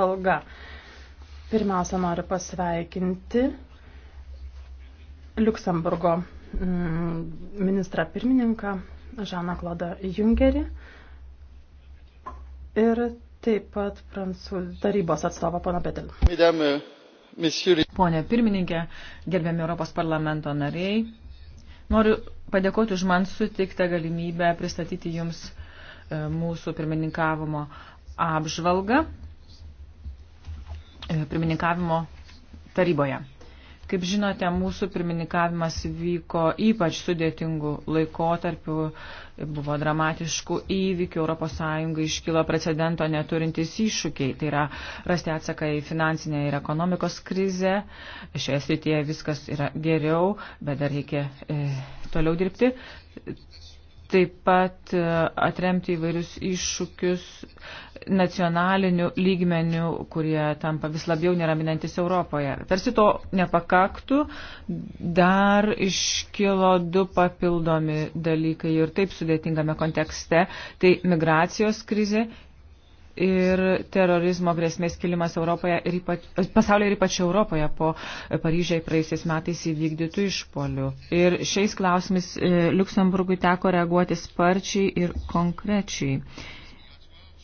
Valga. Pirmiausia, noriu pasveikinti Luksemburgo mm, ministrą pirmininką Žaną Klodą Jungerį ir taip pat prancūzų tarybos atstovą pana Petel. Pone pirmininkė, gerbiami Europos parlamento nariai, noriu padėkoti už man sutiktą galimybę pristatyti jums e, mūsų pirmininkavimo apžvalgą E, pirmininkavimo taryboje. Kaip žinote, mūsų pirmininkavimas vyko ypač sudėtingų laikotarpių, buvo dramatiškų įvykių, ES iškilo precedento neturintys iššūkiai, tai yra rasti atsaką į finansinę ir ekonomikos krizę, šioje srityje viskas yra geriau, bet dar reikia e, toliau dirbti taip pat e, atremti įvairius iššūkius nacionalinių lygmenių, kurie tampa vis labiau neraminantis Europoje. Tarsi to nepakaktų, dar iškilo du papildomi dalykai ir taip sudėtingame kontekste - tai migracijos krizė ir terorizmo grėsmės kilimas Europoje ir ypač, pasaulyje ir ypač Europoje po Paryžiai praeisiais metais įvykdytų išpolių. Ir šiais klausimais e, Luksemburgui teko reaguoti sparčiai ir konkrečiai.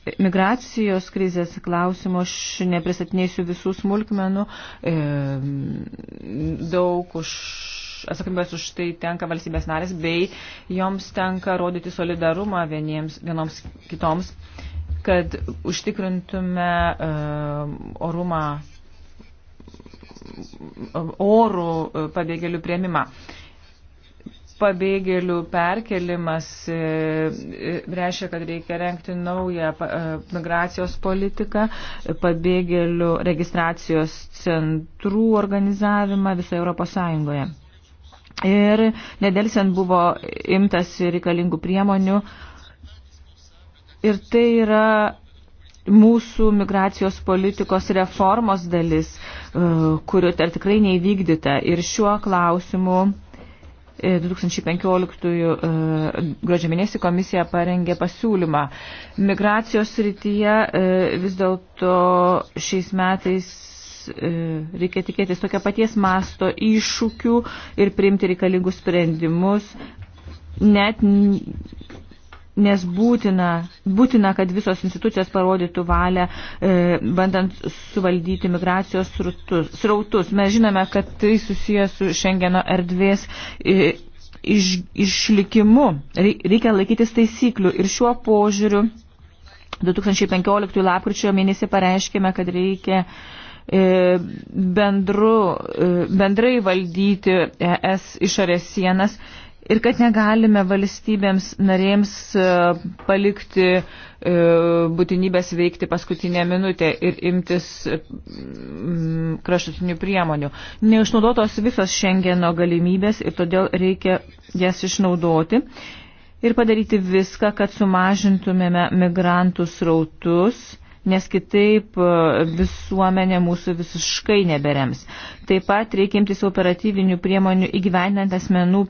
E, migracijos krizės klausimo aš nepristatinėsiu visų smulkmenų, e, daug už atsakomybės už tai tenka valstybės narės, bei joms tenka rodyti solidarumą vieniems, vienoms kitoms. E, kad užtikrintume e, orumą, orų e, pabėgėlių prieimimą pabėgėlių perkelimas e, reiškia, kad reikia renkti naują migracijos politiką, pabėgėlių registracijos centrų organizavimą visoje Europos Sąjungoje. Ir nedelsiant buvo imtas reikalingų priemonių, Ir tai yra mūsų migracijos politikos reformos dalis, e, kurio dar tikrai neįvykdyta. Ir šiuo klausimu 2015 e, e, gruodžio mėnesį komisija parengė pasiūlymą. Migracijos srityje vis dėlto šiais metais reikia tikėtis tokia paties masto iššūkių ir priimti reikalingus sprendimus, net nes būtina, būtina, kad visos institucijos parodytų valią, e, bandant suvaldyti migracijos srutus, srautus. Mes žinome, kad tai susijęs su Šengeno erdvės e, iš, išlikimu. Reikia laikytis taisyklių ir šiuo požiūriu 2015 lapkričio mėnesį pareiškėme, kad reikia e, bendru, e, bendrai valdyti ES išorės sienas ir kad negalime valstybėms narėms e, palikti e, būtinybės veikti paskutinę minutę ir imtis mm, kraštutinių priemonių. Neišnaudotos visos šengeno galimybės ir todėl reikia jas išnaudoti ir padaryti viską, kad sumažintumėme migrantų srautus nes kitaip e, visuomenė mūsų visiškai neberems. Taip pat reikimtis operatyvinių priemonių įgyvendinant asmenų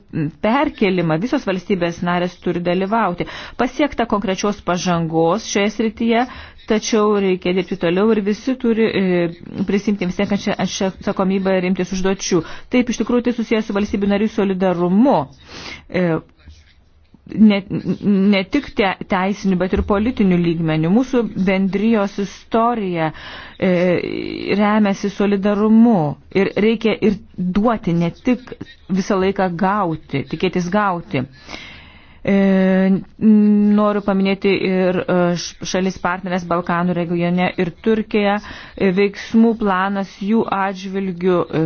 perkelimą. Visos valstybės narės turi dalyvauti. Pasiekta konkrečios pažangos šioje srityje, tačiau reikia dirbti toliau ir visi turi e, prisimti vis tiek šią atsakomybę ir imtis užduočių. Taip, iš tikrųjų, tai susijęs su valstybių narių solidarumu. E, ne, ne tik te, teisinių, bet ir politinių lygmenių. Mūsų bendrijos istorija e, remiasi solidarumu ir reikia ir duoti, ne tik visą laiką gauti, tikėtis gauti. E, noriu paminėti ir e, šalis partnerės Balkanų regione ir Turkija. E, veiksmų planas jų atžvilgių e,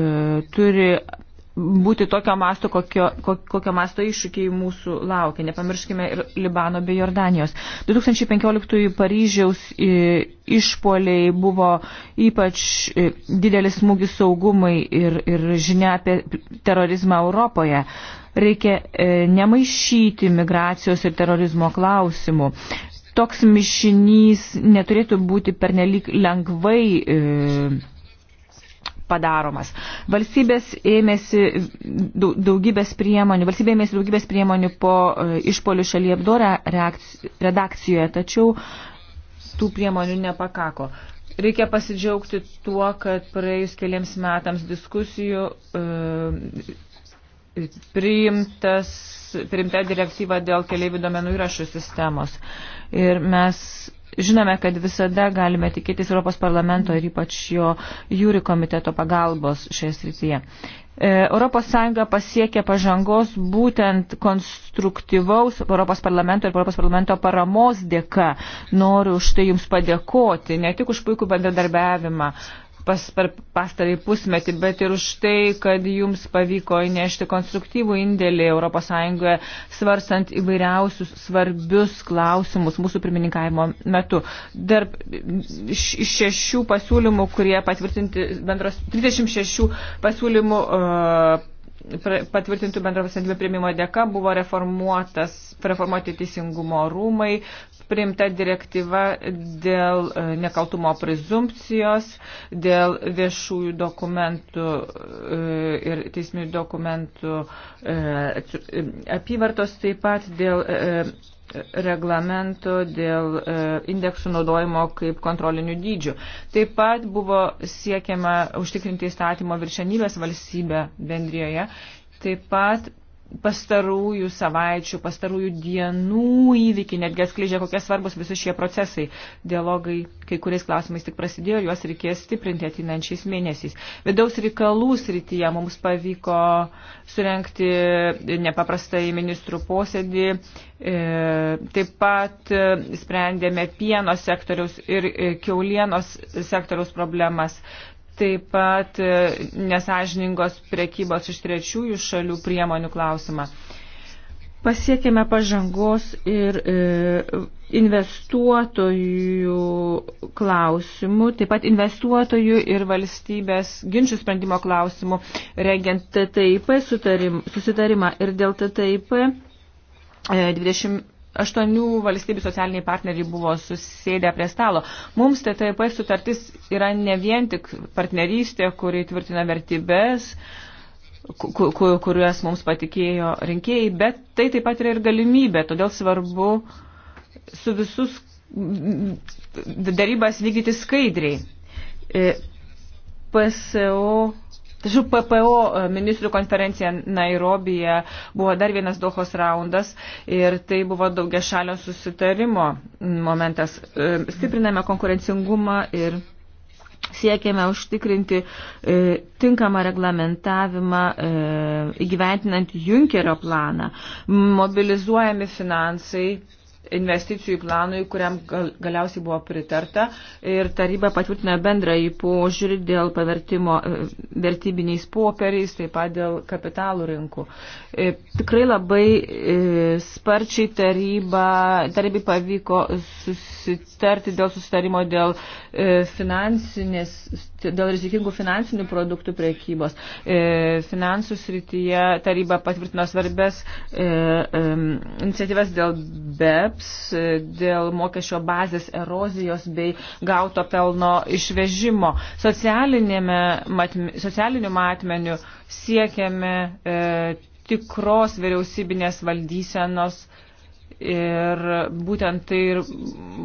turi būti tokio masto, kokio, kokio masto iššūkiai mūsų laukia. Nepamirškime ir Libano bei Jordanijos. 2015 Paryžiaus e, išpoliai buvo ypač e, didelis smūgis saugumai ir, ir žinia apie terorizmą Europoje. Reikia e, nemaišyti migracijos ir terorizmo klausimų toks mišinys neturėtų būti pernelyg lengvai e, padaromas. Valstybės ėmėsi daugybės priemonių, valstybė ėmėsi daugybės priemonių po e, išpolių šalyje apdorę redakcijoje, tačiau tų priemonių nepakako. Reikia pasidžiaugti tuo, kad praėjus keliams metams diskusijų e, priimtas, priimta direktyva dėl keliaivių domenų įrašų sistemos. Ir mes žinome, kad visada galime tikėtis Europos parlamento ir ypač jo jūri komiteto pagalbos šioje srityje. E, Europos Sąjunga pasiekė pažangos būtent konstruktyvaus Europos parlamento ir Europos parlamento paramos dėka. Noriu už tai Jums padėkoti, ne tik už puikų bendradarbiavimą pas, per pastarį pusmetį, bet ir už tai, kad jums pavyko įnešti konstruktyvų indėlį ES, svarstant įvairiausius svarbius klausimus mūsų pirmininkavimo metu. Dar iš šešių pasiūlymų, kurie patvirtinti bendros 36 pasiūlymų. Uh, patvirtintų bendrovės sprendimų prieimimo dėka buvo reformuoti teisingumo rūmai, priimta direktyva dėl e, nekaltumo prezumpcijos, dėl viešųjų dokumentų e, ir teisminių dokumentų e, apyvartos, taip pat dėl reglamento dėl e, indeksų naudojimo kaip kontrolinių dydžių. Taip pat buvo siekiama užtikrinti įstatymo viršenybės valstybę bendrijoje. Taip pat pastarųjų savaičių, pastarųjų dienų įvykiai netgi atskleidžia, kokie svarbus visi šie procesai. Dialogai kai kuriais klausimais tik prasidėjo, juos reikės stiprinti ateinančiais mėnesiais. Vidaus reikalų srityje mums pavyko surenkti nepaprastai ministrų posėdį. E, taip pat sprendėme pieno sektoriaus ir e, keulienos sektoriaus problemas taip pat e, nesažiningos prekybos iš trečiųjų šalių priemonių klausimą. Pasiekėme pažangos ir e, investuotojų klausimų, taip pat investuotojų ir valstybės ginčių sprendimo klausimų, rengiant TTIP susitarimą ir dėl TTIP 20, e, aštuonių valstybių socialiniai partneriai buvo susėdę prie stalo. Mums TTIP sutartis yra ne vien tik partnerystė, kuri tvirtina vertybės, kuriuos mums patikėjo rinkėjai, bet tai taip pat yra ir galimybė. Todėl svarbu su visus darybas vykdyti skaidriai. E, PSO Tačiau PPO e, ministrų konferencija Nairobija buvo dar vienas Dohos raundas ir tai buvo daugia šalio susitarimo momentas. E, stipriname konkurencingumą ir siekėme užtikrinti e, tinkamą reglamentavimą e, įgyventinant Junkerio planą. Mobilizuojami finansai investicijų planui, kuriam gal, galiausiai buvo pritarta ir taryba patvirtino bendrąjį požiūrį dėl pavertimo e, vertybiniais popieriais, taip pat dėl kapitalų rinkų. E, tikrai labai e, sparčiai taryba, tarybai pavyko susitarti dėl susitarimo dėl e, finansinės dėl rizikingų finansinių produktų priekybos. E, finansų srityje taryba patvirtino svarbės e, e, iniciatyvas dėl BEPS, dėl mokesčio bazės erozijos bei gauto pelno išvežimo. Socialiniu matmeniu siekiame tikros vyriausybinės valdysenos ir būtent tai ir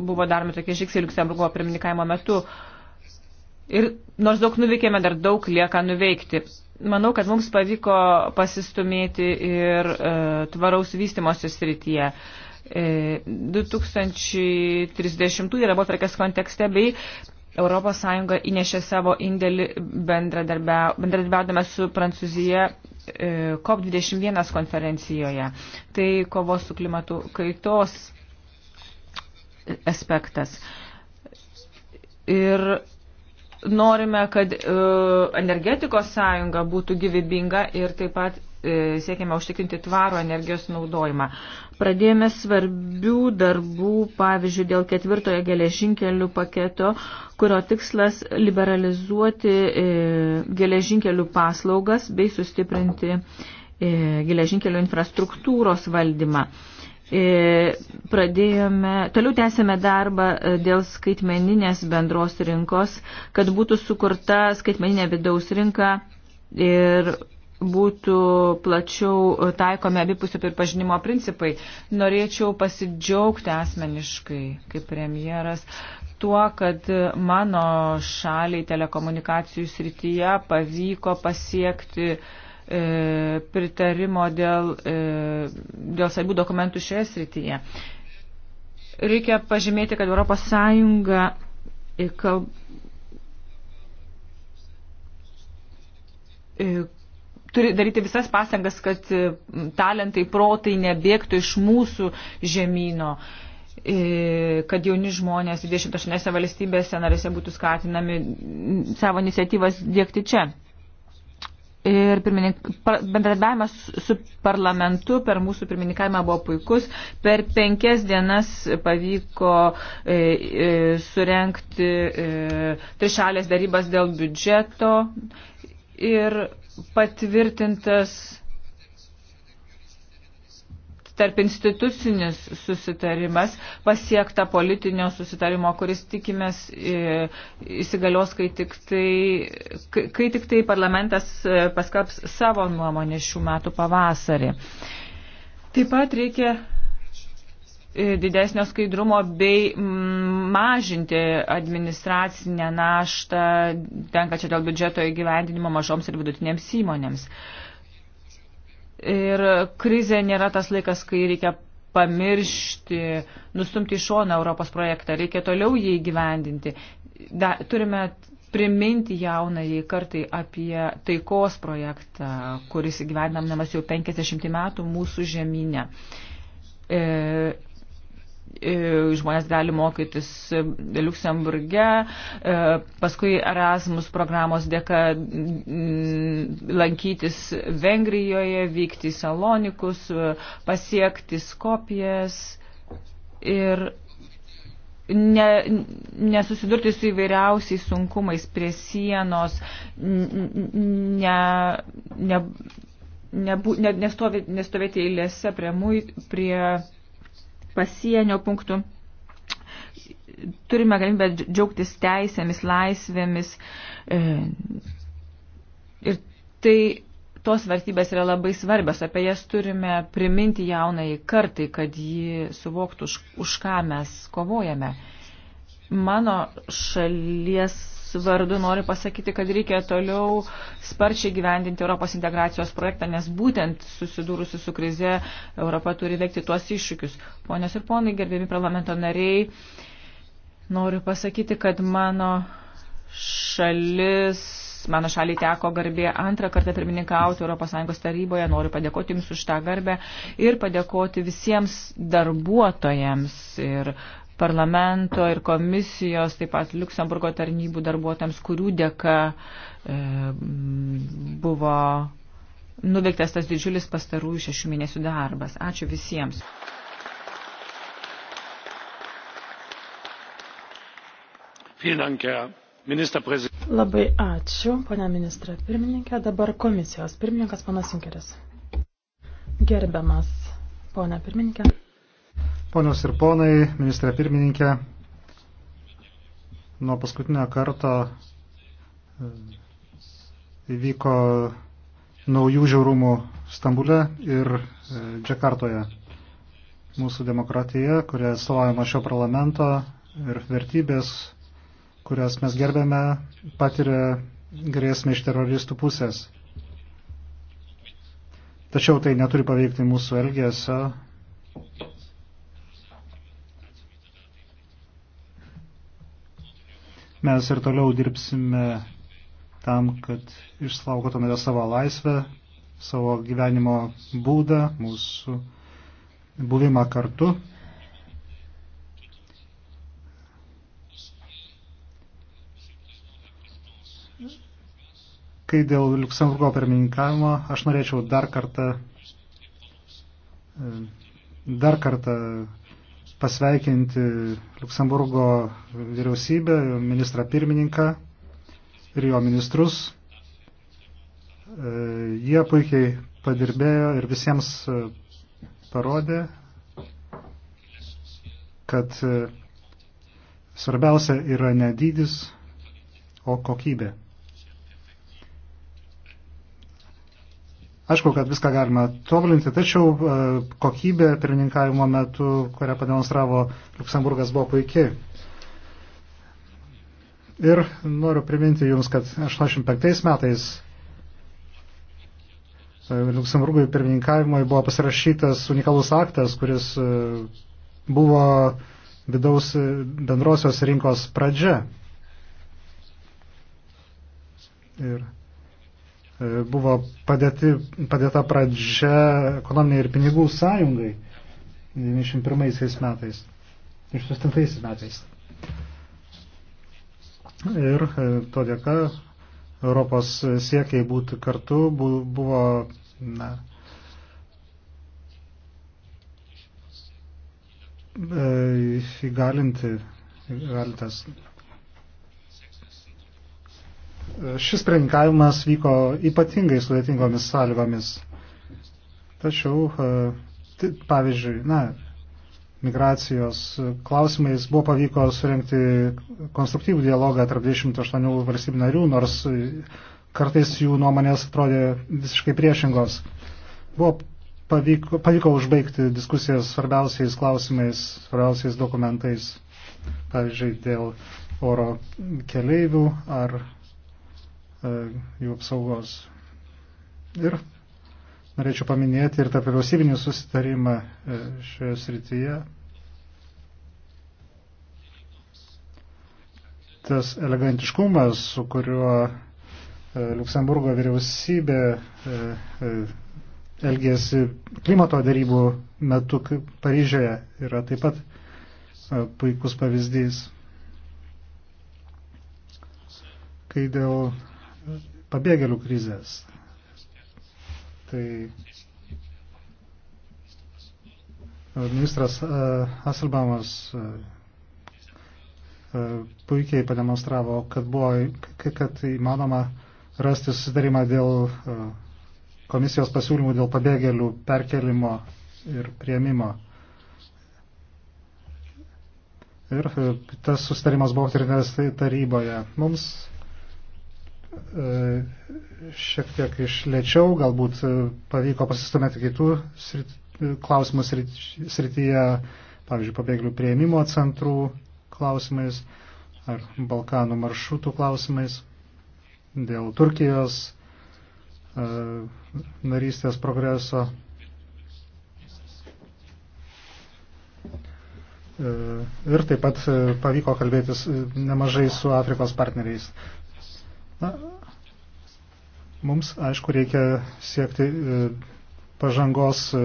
buvo daromi tokie žingsniai Liuksemburgo pirmininkavimo metu. Uh, Ir nors daug nuveikėme, dar daug lieka nuveikti. Manau, kad mums pavyko pasistumėti ir e, tvaraus vystimosi srityje. E, 2030 darbo tvarkės kontekste bei ES įnešė savo indėlį bendradarbiaudama su Prancūzija e, COP21 konferencijoje. Tai kovos su klimatu kaitos aspektas. Ir norime, kad e, energetikos sąjunga būtų gyvybinga ir taip pat e, siekiame užtikrinti tvarų energijos naudojimą. Pradėjome svarbių darbų, pavyzdžiui, dėl ketvirtojo geležinkelių paketo, kurio tikslas liberalizuoti e, geležinkelių paslaugas bei sustiprinti geležinkelių infrastruktūros valdymą. E, pradėjome, toliau tęsėme darbą e, dėl skaitmeninės bendros rinkos, kad būtų sukurta skaitmeninė vidaus rinka ir būtų plačiau taikomi abipusio pripažinimo principai. Norėčiau pasidžiaugti asmeniškai, kaip premjeras, tuo, kad mano šaliai telekomunikacijų srityje pavyko pasiekti uh, e, pritarimo dėl, e, dėl saibų dokumentų šioje srityje. Reikia pažymėti, kad Europos Sąjunga e, kalb... e, turi daryti visas pasangas, kad e, talentai, protai nebėgtų iš mūsų žemyno, e, kad jauni žmonės 28 valstybėse narėse būtų skatinami savo iniciatyvas dėkti čia. Ir bendradarbiavimas su parlamentu per mūsų pirmininkavimą buvo puikus. Per penkias dienas pavyko e, e, surenkti e, trišalės darybas dėl biudžeto ir patvirtintas tarp institucinis susitarimas, pasiekta politinio susitarimo, kuris tikimės e, įsigalios, kai tik tai, kai tik tai parlamentas e, paskaps savo nuomonę šių metų pavasarį. Taip pat reikia e, didesnio skaidrumo bei mm, mažinti administracinę naštą tenka čia dėl biudžeto įgyvendinimo mažoms ir vidutinėms įmonėms. Uh, Ir krizė nėra tas laikas, kai reikia pamiršti, nustumti į šoną Europos projektą, reikia toliau jį įgyvendinti. Da, turime priminti jaunai kartai apie taikos projektą, kuris įgyvendinamas jau 50 metų mūsų žemynė. E, E, žmonės gali mokytis e, Luxemburge, e, paskui Erasmus programos dėka lankytis Vengrijoje, vykti į Salonikus, pasiekti Skopijas ir ne, nesusidurti su įvairiausiais sunkumais prie sienos, ne, ne, ne, ne, nestovėti eilėse prie, prie pasienio punktų. Turime galimybę džiaugtis teisėmis, laisvėmis. E, ir tai tos vertybės yra labai svarbios. Apie jas turime priminti jaunai kartai, kad ji suvoktų, už, už ką mes kovojame. Mano šalies vardu noriu pasakyti, kad reikia toliau sparčiai gyvendinti Europos integracijos projektą, nes būtent susidūrusi su krize Europa turi veikti tuos iššūkius. Ponios ir ponai, gerbėmi parlamento nariai, noriu pasakyti, kad mano šalis. Mano šaliai teko garbė antrą kartą pirmininkauti ES taryboje. Noriu padėkoti Jums už tą garbę ir padėkoti visiems darbuotojams ir uh, parlamento ir komisijos, taip pat Luksemburgo tarnybų darbuotojams, kurių dėka e, buvo nuveiktas tas didžiulis pastarųjų šešių mėnesių darbas. Ačiū visiems. Labai ačiū, ponia ministra pirmininkė. Dabar komisijos pirmininkas, panas Junkeris. Gerbiamas, ponia pirmininkė. Ponios ir ponai, ministrė pirmininkė, nuo paskutinio karto e, įvyko naujų žiaurumų Stambule ir e, Džakartoje. Mūsų demokratija, kurie atstovaujama šio parlamento ir vertybės, kurias mes gerbėme, patiria grėsmę iš teroristų pusės. Tačiau tai neturi paveikti mūsų elgesio Mes ir toliau dirbsime tam, kad išsaugotumėte savo laisvę, savo gyvenimo būdą, mūsų buvimą kartu. Kai dėl Luksemburgo pirmininkavimo, aš norėčiau dar kartą, e, dar kartą pasveikinti Luksemburgo vyriausybę, ministrą pirmininką ir jo ministrus. E, jie puikiai padirbėjo ir visiems e, parodė, kad e, svarbiausia yra ne dydis, o kokybė. Aišku, kad viską galima tobulinti, tačiau e, kokybė pirmininkavimo metu, kurią pademonstravo Luksemburgas, buvo puikiai. Ir noriu priminti Jums, kad 85 metais e, Luksemburgui pirmininkavimui buvo pasirašytas unikalus aktas, kuris e, buvo vidaus bendrosios rinkos pradžia. Ir buvo padėti, padėta pradžia ekonominiai ir pinigų sąjungai 91 metais ir 2000 metais. Ir to dėka Europos siekiai būti kartu buvo na, e, įgalinti, įgalintas Šis pirmininkavimas vyko ypatingai sudėtingomis sąlygomis. Tačiau, e, pavyzdžiui, na, migracijos klausimais buvo pavyko surenkti konstruktyvų dialogą tarp 28 valstybių narių, nors kartais jų nuomonės atrodė visiškai priešingos. Buvo pavyko, pavyko užbaigti diskusijas svarbiausiais klausimais, svarbiausiais dokumentais, pavyzdžiui, dėl oro keleivių ar E, jų apsaugos. Ir norėčiau paminėti ir tarp vyriausybinį susitarimą e, šioje srityje. Tas elegantiškumas, su kuriuo e, Luksemburgo vyriausybė elgėsi klimato darybų metu Paryžioje, yra taip pat puikus pavyzdys. Kai dėl pabėgėlių krizės. Tai ministras e, Aselbamas e, e, puikiai pademonstravo, kad buvo, kad įmanoma rasti susidarimą dėl komisijos pasiūlymų dėl pabėgėlių perkelimo ir prieimimo. Ir tas susitarimas buvo aptarinės taryboje. Mums E, šiek tiek išlėčiau, galbūt e, pavyko pasistumėti kitų srit, klausimų srit, srityje, pavyzdžiui, pabėglių prieimimo centrų klausimais ar Balkanų maršrutų klausimais, dėl Turkijos e, narystės progreso. Ir taip pat pavyko kalbėtis nemažai su Afrikos partneriais. Na, mums, aišku, reikia siekti e, pažangos e,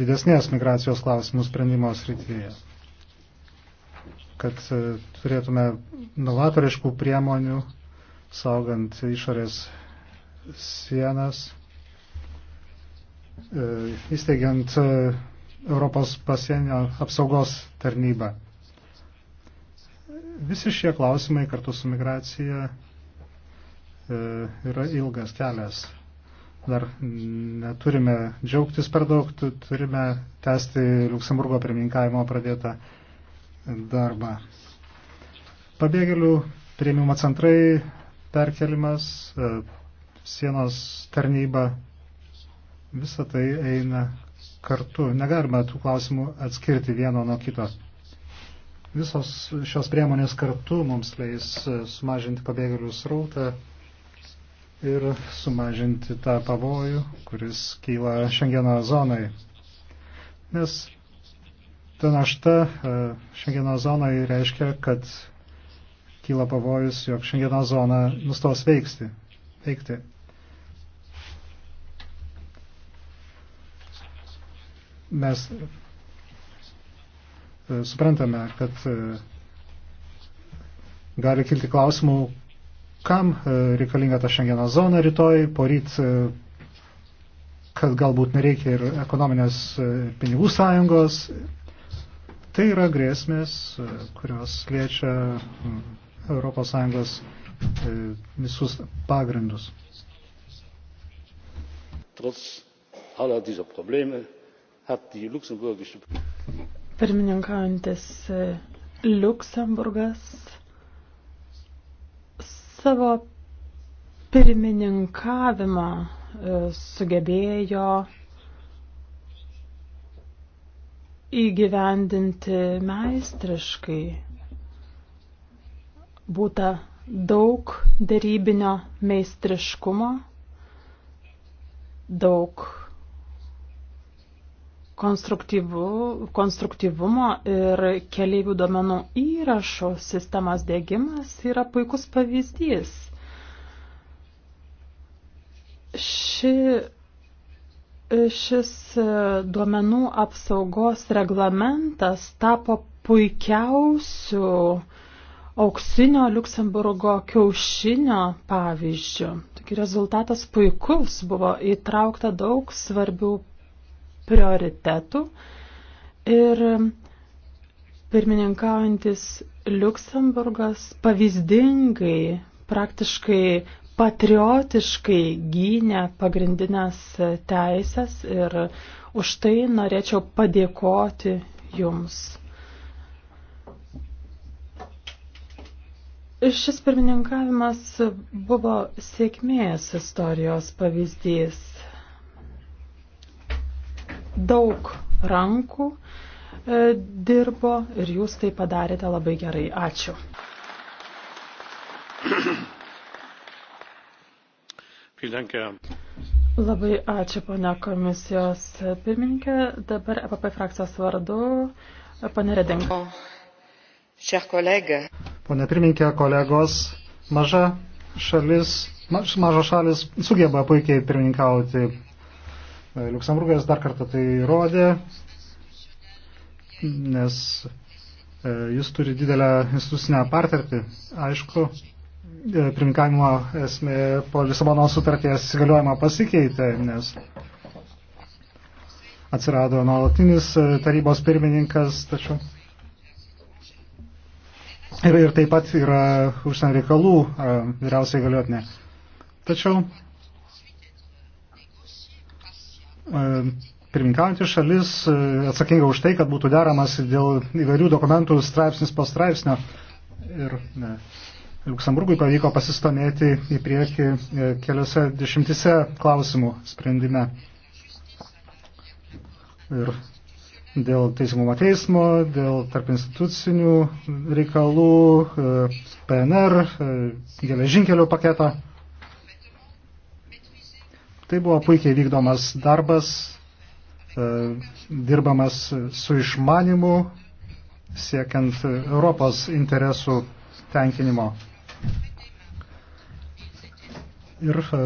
didesnės migracijos klausimų sprendimo srityje, kad e, turėtume novatoriškų priemonių, saugant išorės sienas, įsteigiant Europos pasienio apsaugos tarnybą. Visi šie klausimai kartu su migracija E, yra ilgas kelias. Dar neturime džiaugtis per daug, turime tęsti Luksemburgo pirmininkavimo pradėtą darbą. Pabėgėlių prieimimo centrai, perkelimas, e, sienos tarnyba, visa tai eina kartu. Negalima tų klausimų atskirti vieno nuo kito. Visos šios priemonės kartu mums leis e, sumažinti pabėgėlių srautą ir sumažinti tą pavojų, kuris kyla Šengeno zonai. Nes ta našta e, Šengeno zonai reiškia, kad kyla pavojus, jog Šengeno zona nustos veiksti, veikti. Mes e, suprantame, kad e, gali kilti klausimų, kam e, reikalinga ta šengeno zona rytoj, poryt, e, kad galbūt nereikia ir ekonominės e, pinigų sąjungos. Tai yra grėsmės, kurios liečia ES visus pagrindus. Trotz aller dieser Probleme hat die luxemburgische Pirmininkaujantis Luxemburgas savo pirmininkavimą e, sugebėjo įgyvendinti meistriškai. Būta daug darybinio meistriškumo, daug konstruktyvumo ir keliaivių domenų įrašo sistemos dėgymas yra puikus pavyzdys. Ši, šis duomenų apsaugos reglamentas tapo puikiausių auksinio Luksemburgo kiaušinio pavyzdžių. Taigi rezultatas puikus, buvo įtraukta daug svarbių prioritetų ir pirmininkaujantis Luksemburgas pavyzdingai, praktiškai patriotiškai gynė pagrindinės teisės ir už tai norėčiau padėkoti Jums. Šis pirmininkavimas buvo sėkmės istorijos pavyzdys daug rankų e, dirbo ir jūs tai padarėte labai gerai. Ačiū. Labai ačiū, ponia komisijos pirmininkė. Dabar EPP frakcijos vardu, ponia Redinko. Pone pirmininkė, kolegos, maža šalis, maža šalis sugeba puikiai pirmininkauti E, Luksemburgas dar kartą tai įrodė, nes e, jis turi didelę institucinę partartį. Aišku, e, pirmininkavimo esmė po Lisabono sutarties įsigaliojimą pasikeitė, nes atsirado nuolatinis tarybos pirmininkas, tačiau ir, ir taip pat yra užsienio reikalų vyriausiai galiotinė. Tačiau E, pirminkaujantis šalis e, atsakinga už tai, kad būtų deramas dėl įvairių dokumentų straipsnis po straipsnio. Ir ne, Luksemburgui pavyko pasistomėti į priekį e, keliose dešimtise klausimų sprendime. Ir dėl teisingumo teismo, dėl tarp institucinių reikalų, PNR, geležinkelio paketo. Tai buvo puikiai vykdomas darbas, e, dirbamas su išmanimu, siekiant Europos interesų tenkinimo. Ir e,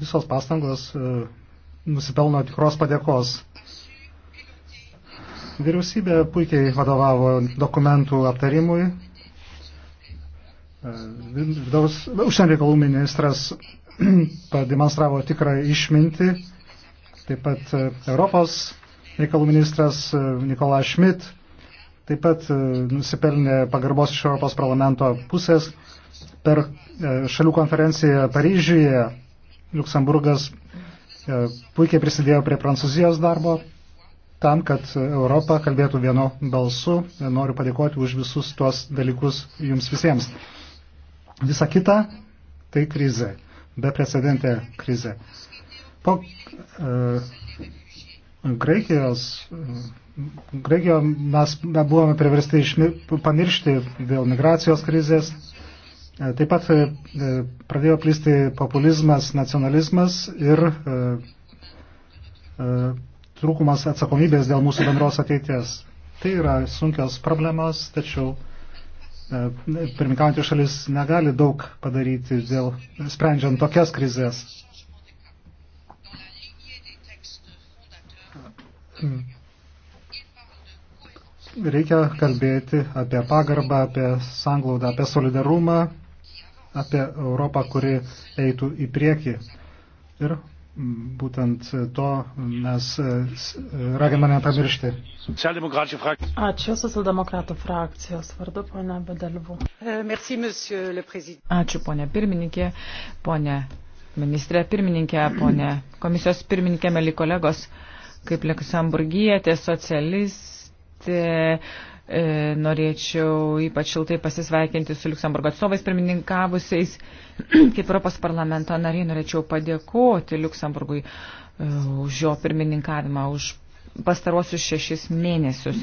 visos pastangos e, nusipelno tikros padėkos. Vyriausybė puikiai vadovavo dokumentų aptarimui. Vidaus, užsienio reikalų ministras pademonstravo tikrą išmintį. Taip pat e, Europos reikalų ministras e, Nikola Šmit taip pat e, nusipelnė pagarbos iš Europos parlamento pusės. Per šalių konferenciją Paryžiuje Luksemburgas puikiai prisidėjo prie Prancūzijos darbo tam, kad Europa kalbėtų vienu balsu. Noriu padėkoti už visus tuos dalykus jums visiems. Visa kita tai krize beprecedentę krizę. Po uh, Graikijos, uh, e, Graikijoje mes buvome priversti išmi, pamiršti dėl migracijos krizės. Uh, taip pat uh, pradėjo plisti populizmas, nacionalizmas ir uh, uh, trūkumas atsakomybės dėl mūsų bendros ateities. Tai yra sunkios problemos, tačiau uh, E, pirmininkaujantys šalis negali daug padaryti dėl sprendžiant tokias krizės. Reikia kalbėti apie pagarbą, apie sanglaudą, apie solidarumą, apie Europą, kuri eitų į priekį. Ir būtent to mes e, e, raginame nepamiršti. Ačiū socialdemokratų frakcijos vardu, ponia Bedelvų. E, Ačiū, ponia pirmininkė, ponia ministrė pirmininkė, ponia komisijos pirmininkė, meli kolegos, kaip Leksamburgietė, socialistė E, norėčiau ypač šiltai pasisveikinti su Luxemburgo atstovais pirmininkavusiais. Kaip Europos parlamento nariai norėčiau padėkoti Luxemburgui e, už jo pirmininkavimą, už pastaruosius šešis mėnesius.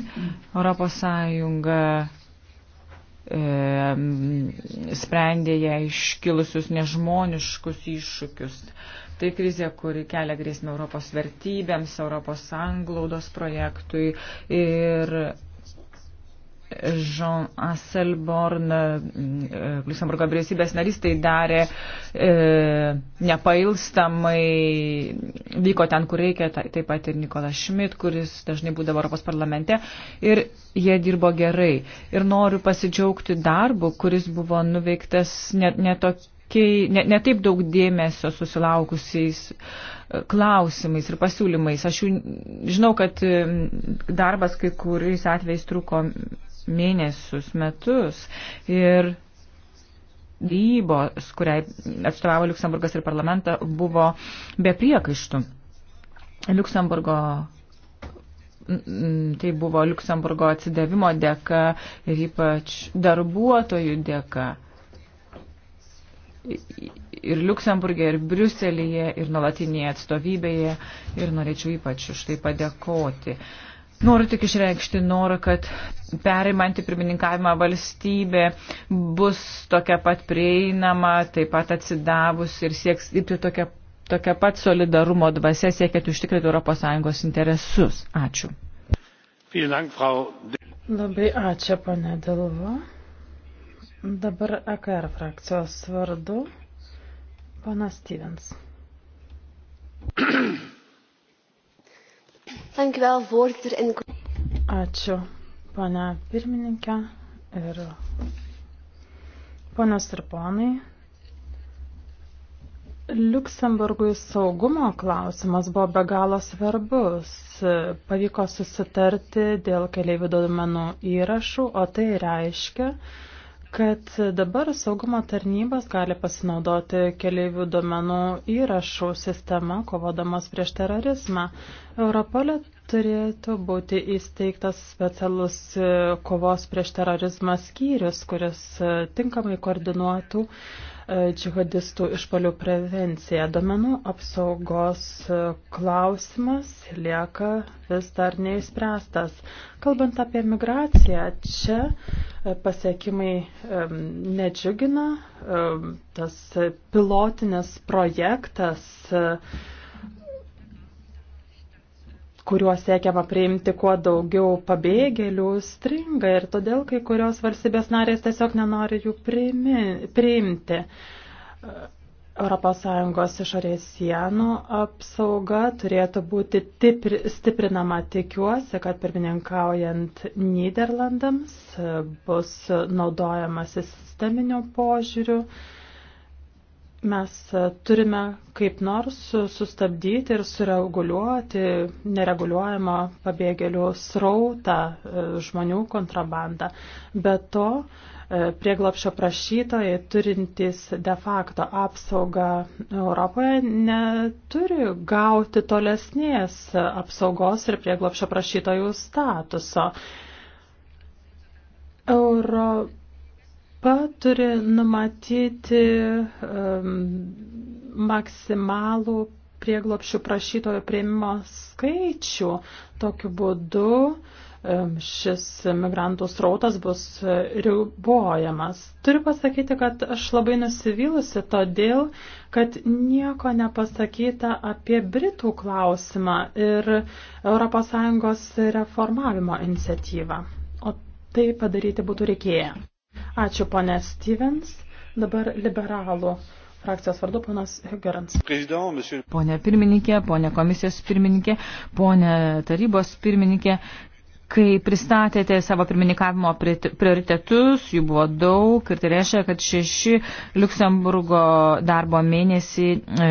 Europos Sąjunga e, sprendė ją iškilusius nežmoniškus iššūkius. Tai krizė, kuri kelia grėsmę Europos vertybėms, Europos sanglaudos projektui ir Jean Asselborn, e, e, Luxemburgo vyriausybės narys, tai darė e, nepailstamai, vyko ten, kur reikia, taip pat ir Nikola Schmidt, kuris dažnai būdavo Europos parlamente, ir jie dirbo gerai. Ir noriu pasidžiaugti darbu, kuris buvo nuveiktas net, net tokia tokiai, ne, ne taip daug dėmesio susilaukusiais e, klausimais ir pasiūlymais. Aš jų žinau, kad darbas kai kuriais atvejais truko mėnesius, metus. Ir dybos, kuriai atstovavo Luksemburgas ir parlamentą, buvo be priekaištų. Luksemburgo tai buvo Luksemburgo atsidavimo dėka ir ypač darbuotojų dėka. Ir Luksemburgė, ir Briuselėje, ir nuolatinėje atstovybėje. Ir norėčiau ypač už tai padėkoti. Uh, Noriu tik išreikšti norą, kad perimanti pirmininkavimą valstybė bus tokia pat prieinama, taip pat atsidavus ir sieks dirbti tokia, tokia pat solidarumo dvasia, siekiant užtikrinti ES interesus. Ačiū. Labai ačiū, pane Dalva. Dabar EKR frakcijos vardu, pana Stevens. Ačiū, pane pirmininkė ir ponas ir ponai. Luksemburgui saugumo klausimas buvo be galo svarbus. Pavyko susitarti dėl keliaivių duomenų įrašų, o tai reiškia, kad dabar saugumo tarnybos gali pasinaudoti keleivių duomenų įrašų sistema, kovodamas prieš terorizmą. Europolė turėtų būti įsteigtas specialus e, kovos prieš terorizmą skyrius, kuris e, tinkamai koordinuotų e, džihadistų išpolių prevenciją. Domenų apsaugos klausimas lieka vis dar neįspręstas. Kalbant apie migraciją, čia pasiekimai nedžiugina. Tas pilotinis projektas kuriuo siekiama priimti kuo daugiau pabėgėlių, stringa ir todėl kai kurios valstybės narės tiesiog nenori jų priimi, priimti. ES išorės sienų apsauga turėtų būti tipri, stiprinama. Tikiuosi, kad pirmininkaujant Niderlandams bus naudojama sisteminio požiūriu. Mes e, turime kaip nors sustabdyti ir sureguliuoti nereguliuojamą pabėgėlių srautą e, žmonių kontrabandą. Be to, e, prieglapšio prašytojai turintys de facto apsaugą Europoje neturi gauti tolesnės apsaugos ir prieglapšio prašytojų statuso. Euro pat turi numatyti um, maksimalų prieglopšių prašytojų prieimimo skaičių. Tokiu būdu um, šis migrantų srautas bus ribojamas. Turiu pasakyti, kad aš labai nusivylusi todėl, kad nieko nepasakyta apie Britų klausimą ir ES reformavimo iniciatyvą. O tai padaryti būtų reikėję. Ačiū, ponė Stevens. Dabar liberalų frakcijos vardu ponas Gerans. Pone pirmininkė, pone komisijos pirmininkė, pone tarybos pirmininkė, Kai pristatėte savo pirmininkavimo prioritetus, jų buvo daug ir tai reiškia, kad šeši Luksemburgo darbo mėnesį e,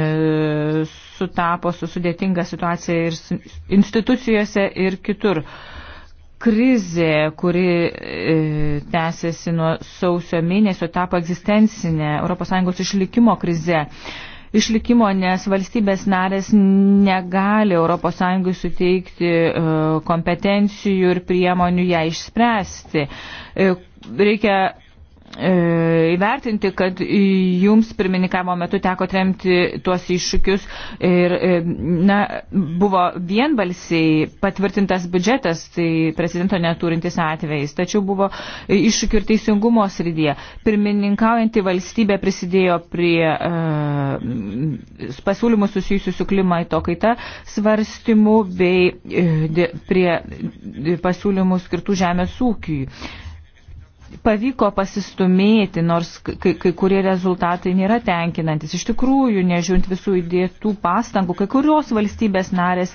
sutapo su sudėtinga situacija ir institucijose ir kitur. E, krizė, kuri e, tęsiasi nuo sausio mėnesio, tapo egzistencinė ES išlikimo krize. Išlikimo, nes valstybės narės negali ES suteikti e, kompetencijų ir priemonių ją išspręsti. E, reikia E, įvertinti, kad jums pirmininkavimo metu teko tremti tuos iššūkius ir e, na, buvo vienbalsiai patvirtintas biudžetas, tai prezidento neturintis atvejais, tačiau buvo iššūkių ir teisingumo srityje. Pirmininkaujanti valstybė prisidėjo prie uh, pasiūlymų susijusių su klimato kaita svarstymų bei uh, prie pasiūlymų skirtų žemės ūkiui. Uh, pavyko pasistumėti, nors kai, kai kurie rezultatai nėra tenkinantis. Iš tikrųjų, nežiūrint visų įdėtų pastangų, kai kurios valstybės narės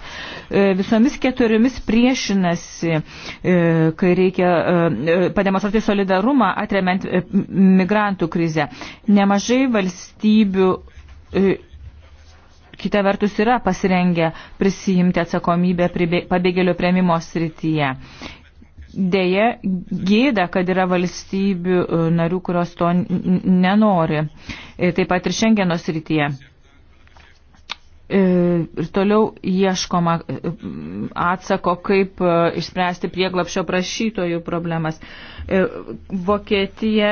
e, visomis keturiomis priešinasi, e, kai reikia e, pademonstruoti solidarumą atremiant migrantų krizę. Nemažai valstybių. Kita vertus yra pasirengę prisijimti atsakomybę pabėgėlių prieimimo srityje. Deja, gėda, kad yra valstybių e, narių, kurios to nenori. E, taip pat ir šiandienos rytyje. E, ir toliau ieškoma atsako, kaip išspręsti prieglapšio prašytojų problemas. Vokietija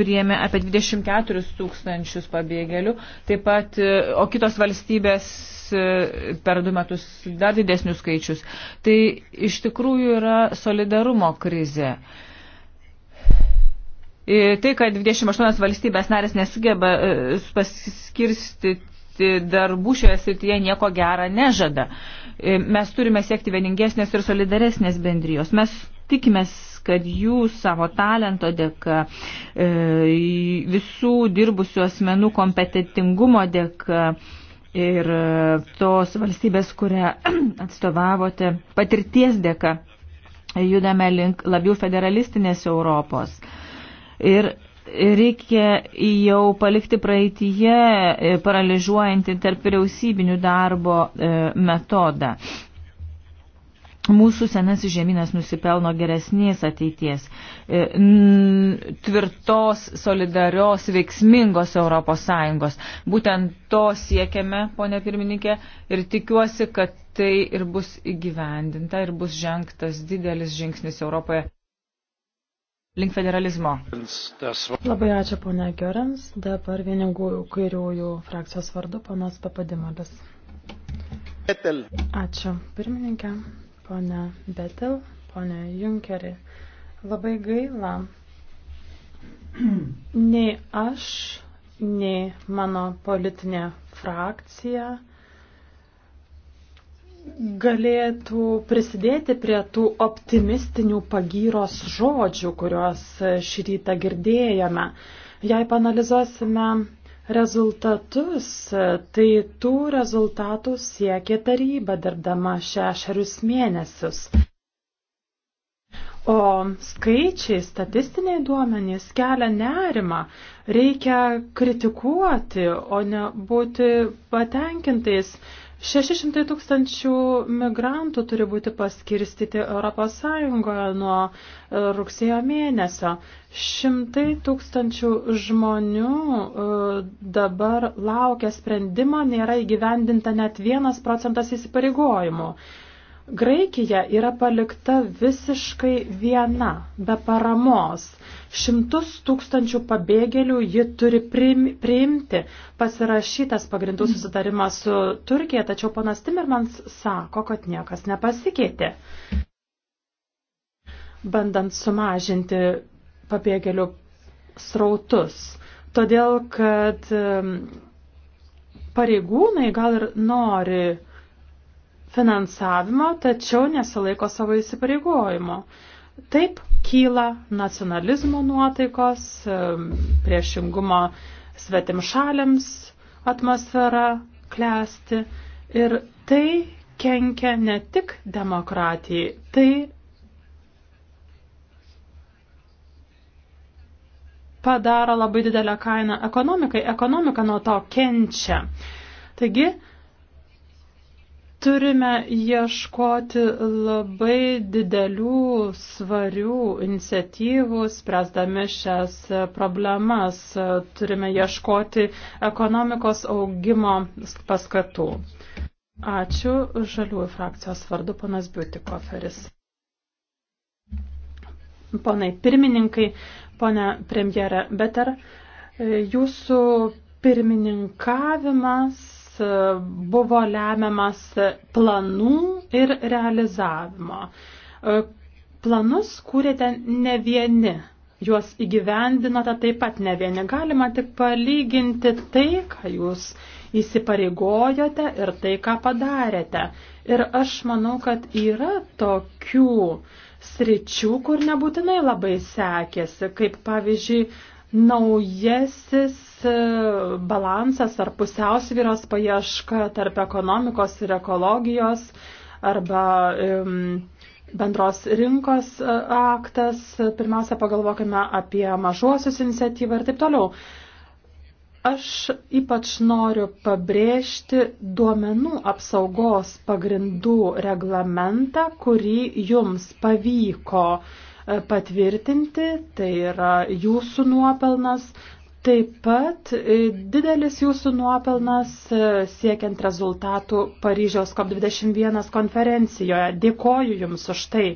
priėmė apie 24 tūkstančius pabėgėlių, taip pat, o kitos valstybės E, per du metus dar didesnius skaičius. Tai iš tikrųjų yra solidarumo krizė. E, tai, kad 28 valstybės narės nesugeba e, paskirstyti darbų šioje srityje nieko gera nežada. Mes turime siekti vieningesnės ir solidaresnės bendrijos. Mes tikimės, kad jūs savo talento dėka, visų dirbusių asmenų kompetitingumo dėka, ir e, tos valstybės, kurią atstovavote patirties dėka, judame link labiau federalistinės Europos. Ir reikia jau palikti praeitįje e, paralyžiuojantį tarp vyriausybinių darbo e, metodą. Mūsų senasis žemynas nusipelno geresnės ateities, e, tvirtos, solidarios, veiksmingos ES. Būtent to siekiame, ponė pirmininkė, ir tikiuosi, kad tai ir bus įgyvendinta, ir bus žengtas didelis žingsnis Europoje link federalizmo. Labai ačiū, ponė Gerens. Dabar vieningųjų kairiųjų frakcijos vardu, panas Papadimalis. Ačiū, pirmininkė. Pone Betel, pone Junkeri, labai gaila. Nei aš, nei mano politinė frakcija galėtų prisidėti prie tų optimistinių pagyros žodžių, kuriuos šį rytą girdėjome. Jei panalizuosime rezultatus, tai tų rezultatų siekia taryba darbdama šešerius mėnesius. O skaičiai, statistiniai duomenys kelia nerimą. Reikia kritikuoti, o ne būti patenkintais. 600 tūkstančių migrantų turi būti paskirstyti ES nuo e, rugsėjo mėnesio. Šimtai tūkstančių žmonių e, dabar laukia sprendimo, nėra įgyvendinta net vienas procentas įsipareigojimų. Graikija yra palikta visiškai viena, be paramos. Šimtus tūkstančių pabėgėlių ji turi priimti. Pasirašytas pagrindų susitarimas su Turkija, tačiau ponas Timmermans sako, kad niekas nepasikeitė. Bandant sumažinti pabėgėlių srautus. Todėl, kad um, pareigūnai gal ir nori finansavimo, tačiau nesilaiko savo įsipareigojimo. Taip kyla nacionalizmo nuotaikos, priešingumo svetimšaliams atmosfera klesti ir tai kenkia ne tik demokratijai, tai padaro labai didelę kainą ekonomikai, ekonomika nuo to kenčia. Taigi, Turime ieškoti labai didelių, svarių iniciatyvų, spręsdami šias problemas. Turime ieškoti ekonomikos augimo paskatų. Ačiū žaliųjų frakcijos vardu, panas Biutikoferis. Ponai pirmininkai, ponia premjera Beter, jūsų pirmininkavimas buvo lemiamas planų ir realizavimo. E, planus kūrėte ne vieni, juos įgyvendinote taip pat ne vieni. Galima tik palyginti tai, ką jūs įsipareigojote ir tai, ką padarėte. Ir aš manau, kad yra tokių sričių, kur nebūtinai labai sekėsi, kaip pavyzdžiui naujasis e, balansas ar pusiausvyros paieška tarp ekonomikos ir ekologijos arba um, bendros rinkos e, aktas. Pirmiausia, pagalvokime apie mažuosius iniciatyvą ir taip toliau. Aš ypač noriu pabrėžti duomenų apsaugos pagrindų reglamentą, kurį jums pavyko uh, patvirtinti, tai yra jūsų nuopelnas. Taip pat e, didelis jūsų nuopelnas e, siekiant rezultatų Paryžiaus COP21 konferencijoje. Dėkoju Jums už tai.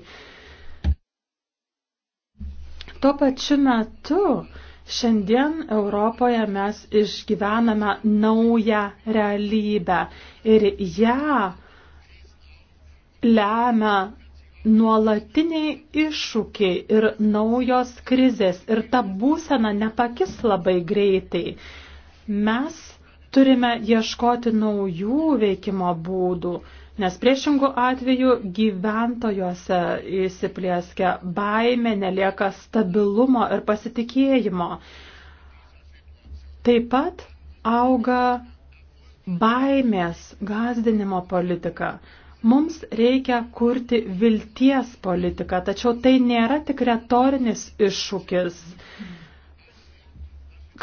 Tuo pačiu metu šiandien Europoje mes išgyvename naują realybę ir ją lemia nuolatiniai iššūkiai ir naujos krizės ir ta būsena nepakis labai greitai. Mes turime ieškoti naujų veikimo būdų, nes priešingų atveju gyventojuose įsiplieskia baimė, nelieka stabilumo ir pasitikėjimo. Taip pat auga baimės gazdinimo politika. Mums reikia kurti vilties politiką, tačiau tai nėra tik retorinis iššūkis.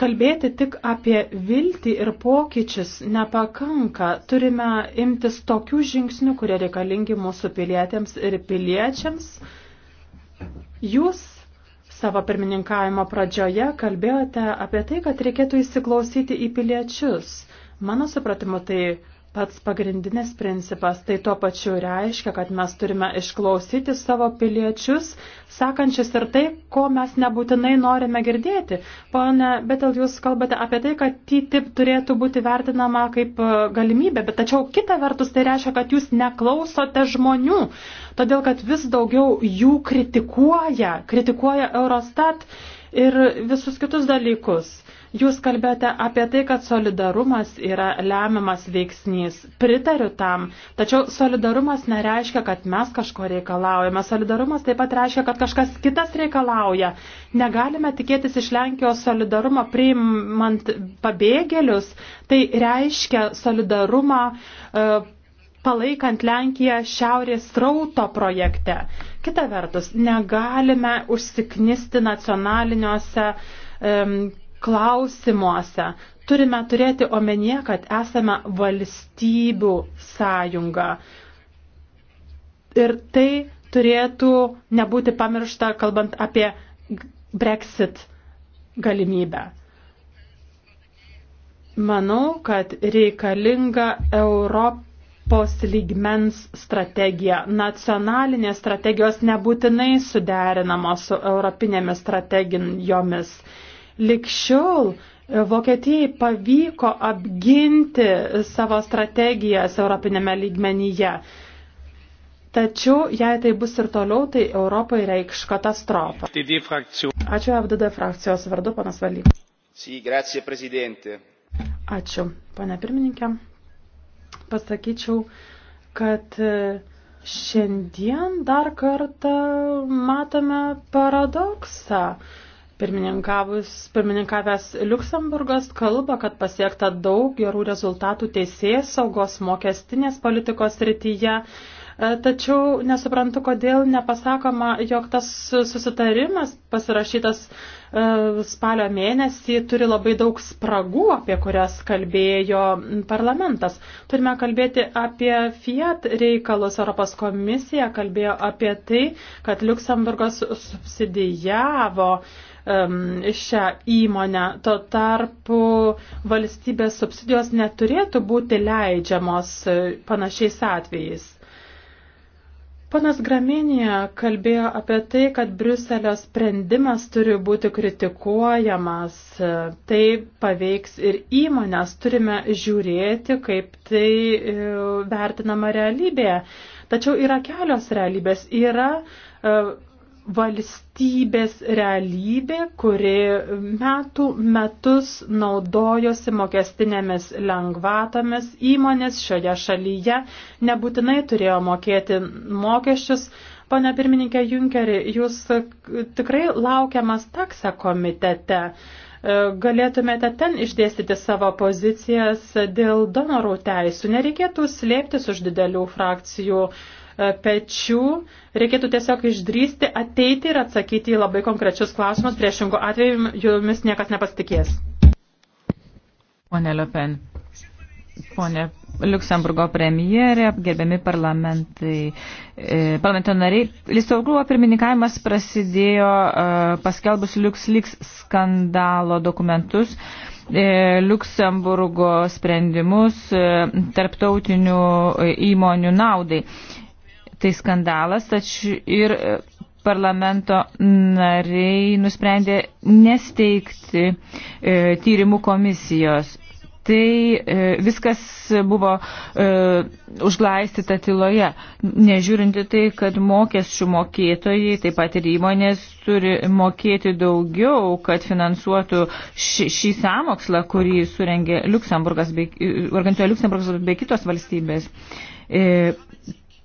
Kalbėti tik apie viltį ir pokyčius nepakanka. Turime imtis tokių žingsnių, kurie reikalingi mūsų pilietėms ir piliečiams. Jūs savo pirmininkavimo pradžioje kalbėjote apie tai, kad reikėtų įsiklausyti į piliečius. Mano supratimu, tai Pats pagrindinis principas tai tuo pačiu reiškia, kad mes turime išklausyti savo piliečius, sakančius ir tai, ko mes nebūtinai norime girdėti. Pone, bet jūs kalbate apie tai, kad TTIP turėtų būti vertinama kaip e, galimybė, bet tačiau kita vertus tai reiškia, kad jūs neklausote žmonių, todėl kad vis daugiau jų kritikuoja, kritikuoja Eurostat ir visus kitus dalykus. Jūs kalbėjote apie tai, kad solidarumas yra lemiamas veiksnys. Pritariu tam, tačiau solidarumas nereiškia, kad mes kažko reikalaujame. Solidarumas taip pat reiškia, kad kažkas kitas reikalauja. Negalime tikėtis iš Lenkijos solidarumo priimant pabėgėlius. Tai reiškia solidarumą. Uh, palaikant Lenkiją šiaurės trauto projekte. Kita vertus, negalime užsiknisti nacionaliniuose um, klausimuose. Turime turėti omenyje, kad esame valstybių sąjunga. Ir tai turėtų nebūti pamiršta, kalbant apie Brexit galimybę. Manau, kad reikalinga Europos lygmens strategija. Nacionalinės strategijos nebūtinai suderinamos su europinėmis strategijomis likščiol e, Vokietijai pavyko apginti savo strategijas europinėme lygmenyje. Tačiau, jei tai bus ir toliau, tai Europai reikš katastrofą. Ačiū FDD frakcijos vardu, panas Valy. Ačiū, pane pirmininkė. Pasakyčiau, kad e, šiandien dar kartą matome paradoksą. Pirmininkavęs Luksemburgas kalba, kad pasiekta daug gerų rezultatų teisės saugos mokestinės politikos rytyje. E, tačiau nesuprantu, kodėl nepasakoma, jog tas susitarimas pasirašytas e, spalio mėnesį turi labai daug spragų, apie kurias kalbėjo parlamentas. Turime kalbėti apie Fiat reikalus. Europos komisija kalbėjo apie tai, kad Luksemburgas subsidijavo šią įmonę. Tuo tarpu valstybės subsidijos neturėtų būti leidžiamos e, panašiais atvejais. Panas Graminė kalbėjo apie tai, kad Briuselio sprendimas turi būti kritikuojamas, tai paveiks ir įmonės, turime žiūrėti, kaip tai e, vertinama realybėje. Tačiau yra kelios realybės. Yra e, valstybės realybė, kuri metų metus naudojosi mokestinėmis lengvatomis, įmonės šioje šalyje nebūtinai turėjo mokėti mokesčius. Pane pirmininkė Junkeri, jūs tikrai laukiamas taksą komitete. Galėtumėte ten išdėstyti savo pozicijas dėl donorų teisų. Nereikėtų slėptis už didelių frakcijų uh, E, pečių, reikėtų tiesiog išdrysti, ateiti ir atsakyti į labai konkrečius klausimus, priešingų atveju jumis niekas nepasitikės. Pone Lepen, pone Luksemburgo premjerė, gerbiami parlamentai, e, parlamento nariai, Listaugruvo pirmininkavimas prasidėjo e, paskelbus LuxLeaks skandalo dokumentus. Luksemburgo sprendimus tarptautinių įmonių naudai tai skandalas, tačiau ir e, parlamento nariai nusprendė nesteigti e, tyrimų komisijos. Tai e, viskas buvo e, užglaistyta tyloje, nežiūrinti tai, kad mokesčių mokėtojai, taip pat ir įmonės, turi mokėti daugiau, kad finansuotų šį, šį samokslą, kurį surengė Luxemburgas bei, e, organizuoja Luxemburgas bei kitos valstybės. E,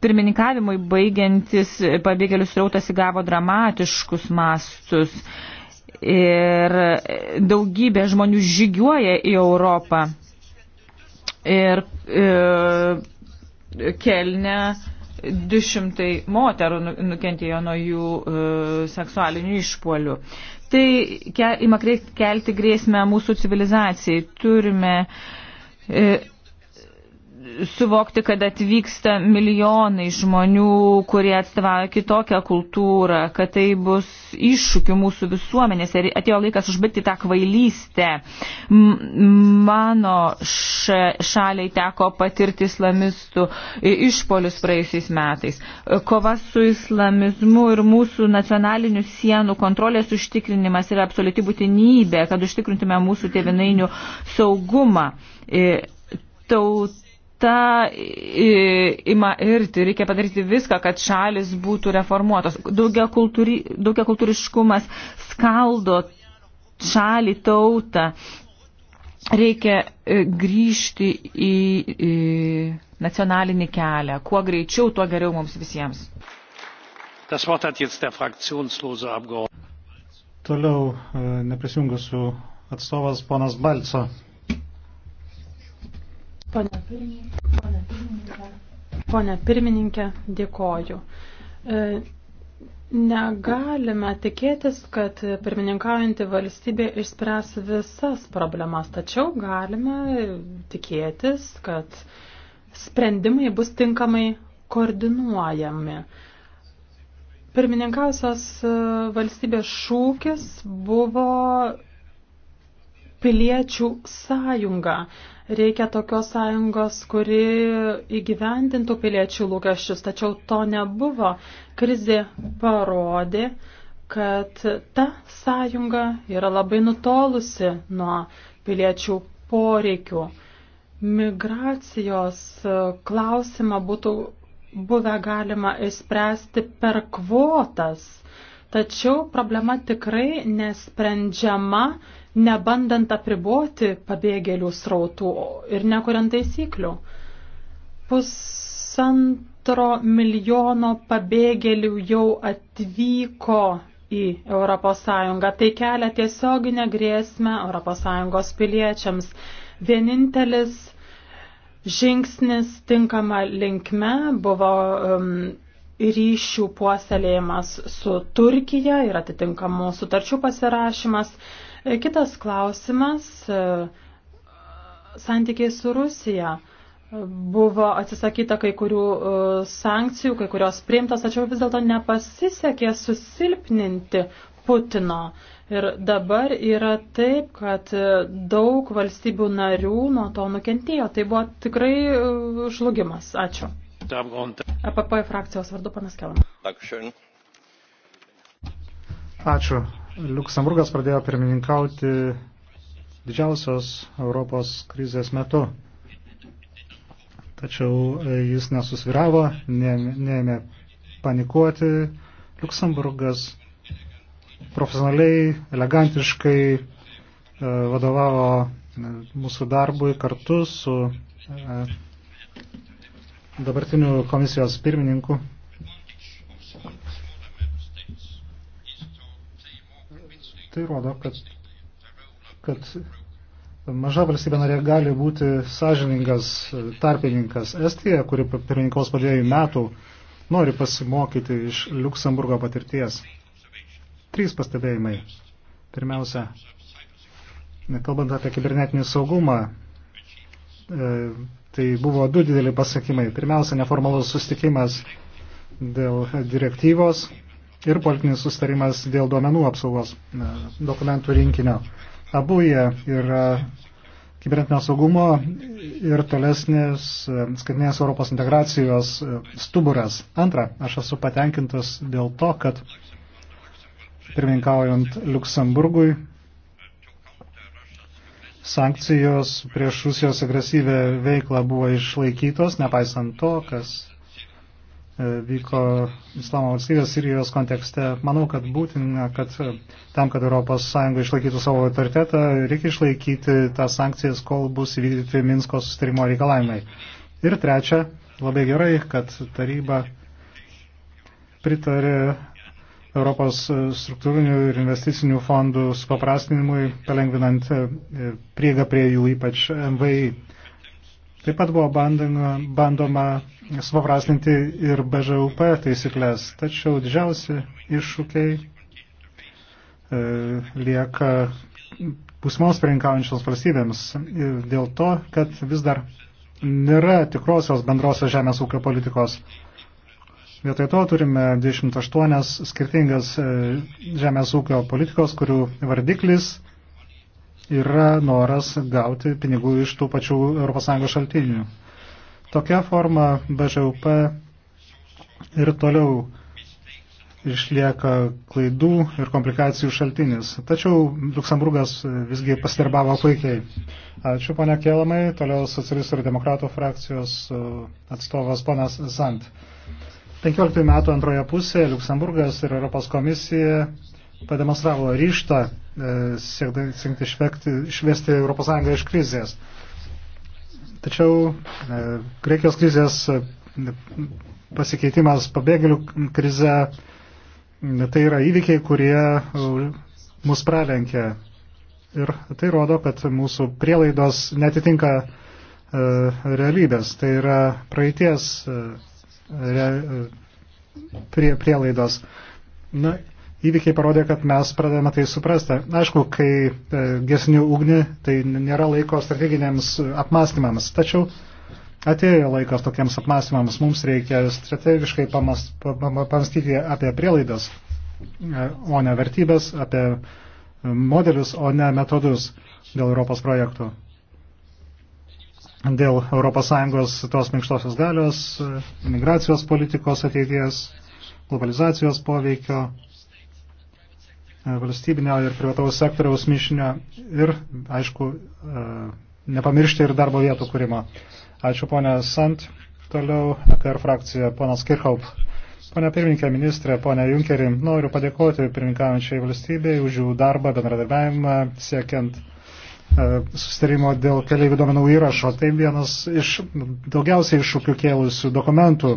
pirmininkavimui baigiantis pabėgėlių srautas įgavo dramatiškus mastus ir daugybė žmonių žygiuoja į Europą. Ir e, kelne 200 moterų nu, nukentėjo nuo jų e, seksualinių išpuolių. Tai ke, ima kelti grėsmę mūsų civilizacijai. Turime e, suvokti, kad atvyksta milijonai žmonių, kurie atstovauja kitokią kultūrą, kad tai bus iššūkių mūsų visuomenės ir atėjo laikas užbaigti tą kvailystę. Mano šaliai teko patirti islamistų išpolius praėjusiais metais. Kova su islamizmu ir mūsų nacionalinių sienų kontrolės užtikrinimas yra absoliuti būtinybė, kad užtikrintume mūsų tėvinainių saugumą. Taut ta ima irti, reikia padaryti viską, kad šalis būtų reformuotos. Daugia, kultūri, daugia kultūriškumas skaldo šalį, tautą. Reikia e, grįžti į, į nacionalinį kelią. Kuo greičiau, tuo geriau mums visiems. Toliau e, neprisijungusių atstovas ponas Balco. Pone pirmininkė, pone pirmininkė dėkoju. E, negalime tikėtis, kad pirmininkaujanti valstybė išspręs visas problemas, tačiau galime tikėtis, kad sprendimai bus tinkamai koordinuojami. Pirmininkausios valstybės šūkis buvo piliečių sąjungą. Reikia tokios sąjungos, kuri įgyvendintų piliečių lūkesčius, tačiau to nebuvo. Krizė parodė, kad ta sąjunga yra labai nutolusi nuo piliečių poreikių. Migracijos klausimą būtų buvę galima išspręsti per kvotas, tačiau problema tikrai nesprendžiama nebandant apriboti pabėgėlių srautų ir nekuriant taisyklių. Pusantro milijono pabėgėlių jau atvyko į ES. Tai kelia tiesioginę grėsmę ES piliečiams. Vienintelis žingsnis tinkama linkme buvo um, ryšių puoselėjimas su Turkija ir atitinkamų sutarčių pasirašymas. Uh, E, kitas klausimas e, - santykiai su Rusija. E, buvo atsisakyta kai kurių sankcijų, kai kurios priimtos, tačiau vis dėlto nepasisekė susilpninti Putino. Ir dabar yra taip, kad daug valstybių narių nuo to nukentėjo. Tai buvo tikrai žlugimas. Ačiū. APP frakcijos vardu panas Kelam. Ačiū. Luksemburgas pradėjo pirmininkauti didžiausios Europos krizės metu. Tačiau e, jis nesusviravo, neėmė panikuoti. Luksemburgas profesionaliai, elegantiškai e, vadovavo e, mūsų darbui kartu su dabartiniu komisijos pirmininku Tai rodo, kad, kad maža valstybė narė gali būti sąžiningas tarpininkas. Estija, kuri pirmininkaus po dviejų metų, nori pasimokyti iš Luksemburgo patirties. Trys pastebėjimai. Pirmiausia, kalbant apie kibernetinį saugumą, e, tai buvo du dideli pasakymai. Pirmiausia, neformalus sustikimas dėl direktyvos ir politinis sustarimas dėl duomenų apsaugos e, dokumentų rinkinio. Abu jie yra kibernetinio saugumo ir tolesnės e, skaitinės Europos integracijos e, stuburas. Antra, aš esu patenkintas dėl to, kad pirmininkaujant Luksemburgui sankcijos prieš Rusijos agresyvę veiklą buvo išlaikytos, nepaisant to, kas E, vyko Islamo valstybės Sirijos kontekste. Manau, kad būtina, kad e, tam, kad ES išlaikytų savo autoritetą, reikia išlaikyti tas sankcijas, kol bus įvykdyti Minsko sustarimo reikalavimai. Ir trečia, labai gerai, kad taryba pritarė Europos struktūrinių ir investicinių fondų supaprastinimui, palengvinant e, prieigą prie jų, ypač MVI. Taip pat buvo bandoma, bandoma supaprastinti ir BŽUP taisyklės, tačiau didžiausi iššūkiai e, lieka būsimoms pirinkaujančioms valstybėms dėl to, kad vis dar nėra tikrosios bendrosios žemės ūkio politikos. Vietoj to turime 28 skirtingas e, žemės ūkio politikos, kurių vardiklis yra noras gauti pinigų iš tų pačių ES šaltinių. Tokia forma BŽUP ir toliau išlieka klaidų ir komplikacijų šaltinis. Tačiau Luksemburgas visgi pasirbavo puikiai. Ačiū, ponia Kėlamai. Toliau socialistų ir demokratų frakcijos e, atstovas ponas Sant. 15 metų antroje pusėje Luksemburgas ir Europos komisija pademonstravo ryštą E, siekti išvekti, išvesti ES iš krizės. Tačiau e, Graikijos krizės e, pasikeitimas pabėgėlių krize, tai yra įvykiai, kurie mus pralenkia. Ir tai rodo, kad mūsų prielaidos netitinka realybės. Tai yra praeities re, prie, prielaidos. Na, Įvykiai parodė, kad mes pradėjome tai suprasti. Aišku, kai e, gesnių ugnį, tai nėra laiko strateginiams apmąstymams. Tačiau atėjo laikas tokiems apmąstymams. Mums reikia strategiškai pamastyti apie prielaidas, e, o ne vertybės, apie e, modelius, o ne metodus dėl Europos projektų. Dėl ES tos minkštosios galios, migracijos politikos ateities, globalizacijos poveikio, E, valstybinio ir privataus sektoriaus mišinio ir, aišku, e, nepamiršti ir darbo vietų kūrimo. Ačiū ponė Sant. Toliau EKR frakcija, ponas Kirchhoff. Pone pirmininkė, ministrė, pone Junkeri, noriu padėkoti pirmininkaujančiai valstybei už jų darbą, bendradarbiavimą, siekiant e, sustarimo dėl keliaivių duomenų įrašo. Tai vienas iš daugiausiai iššūkių kėlusių dokumentų,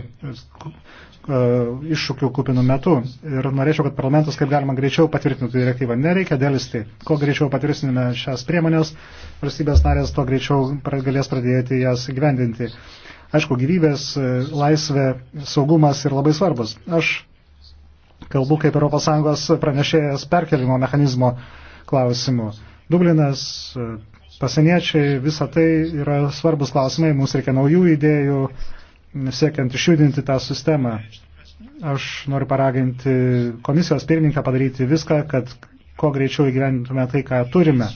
E, iššūkių kupinų metu. Ir norėčiau, kad parlamentas kaip galima greičiau patvirtintų direktyvą. Nereikia dėlisti. Kuo greičiau patvirtinime šias priemonės, valstybės narės to greičiau galės pradėti jas gyvendinti. Aišku, gyvybės, e, laisvė, saugumas yra labai svarbus. Aš kalbu kaip ES pranešėjas perkelimo mechanizmo klausimu. Dublinas, e, pasieniečiai, visa tai yra svarbus klausimai, mums reikia naujų idėjų, siekiant išjudinti tą sistemą. Aš noriu paraginti komisijos pirmininką padaryti viską, kad kuo greičiau įgyvendintume tai, ką turime.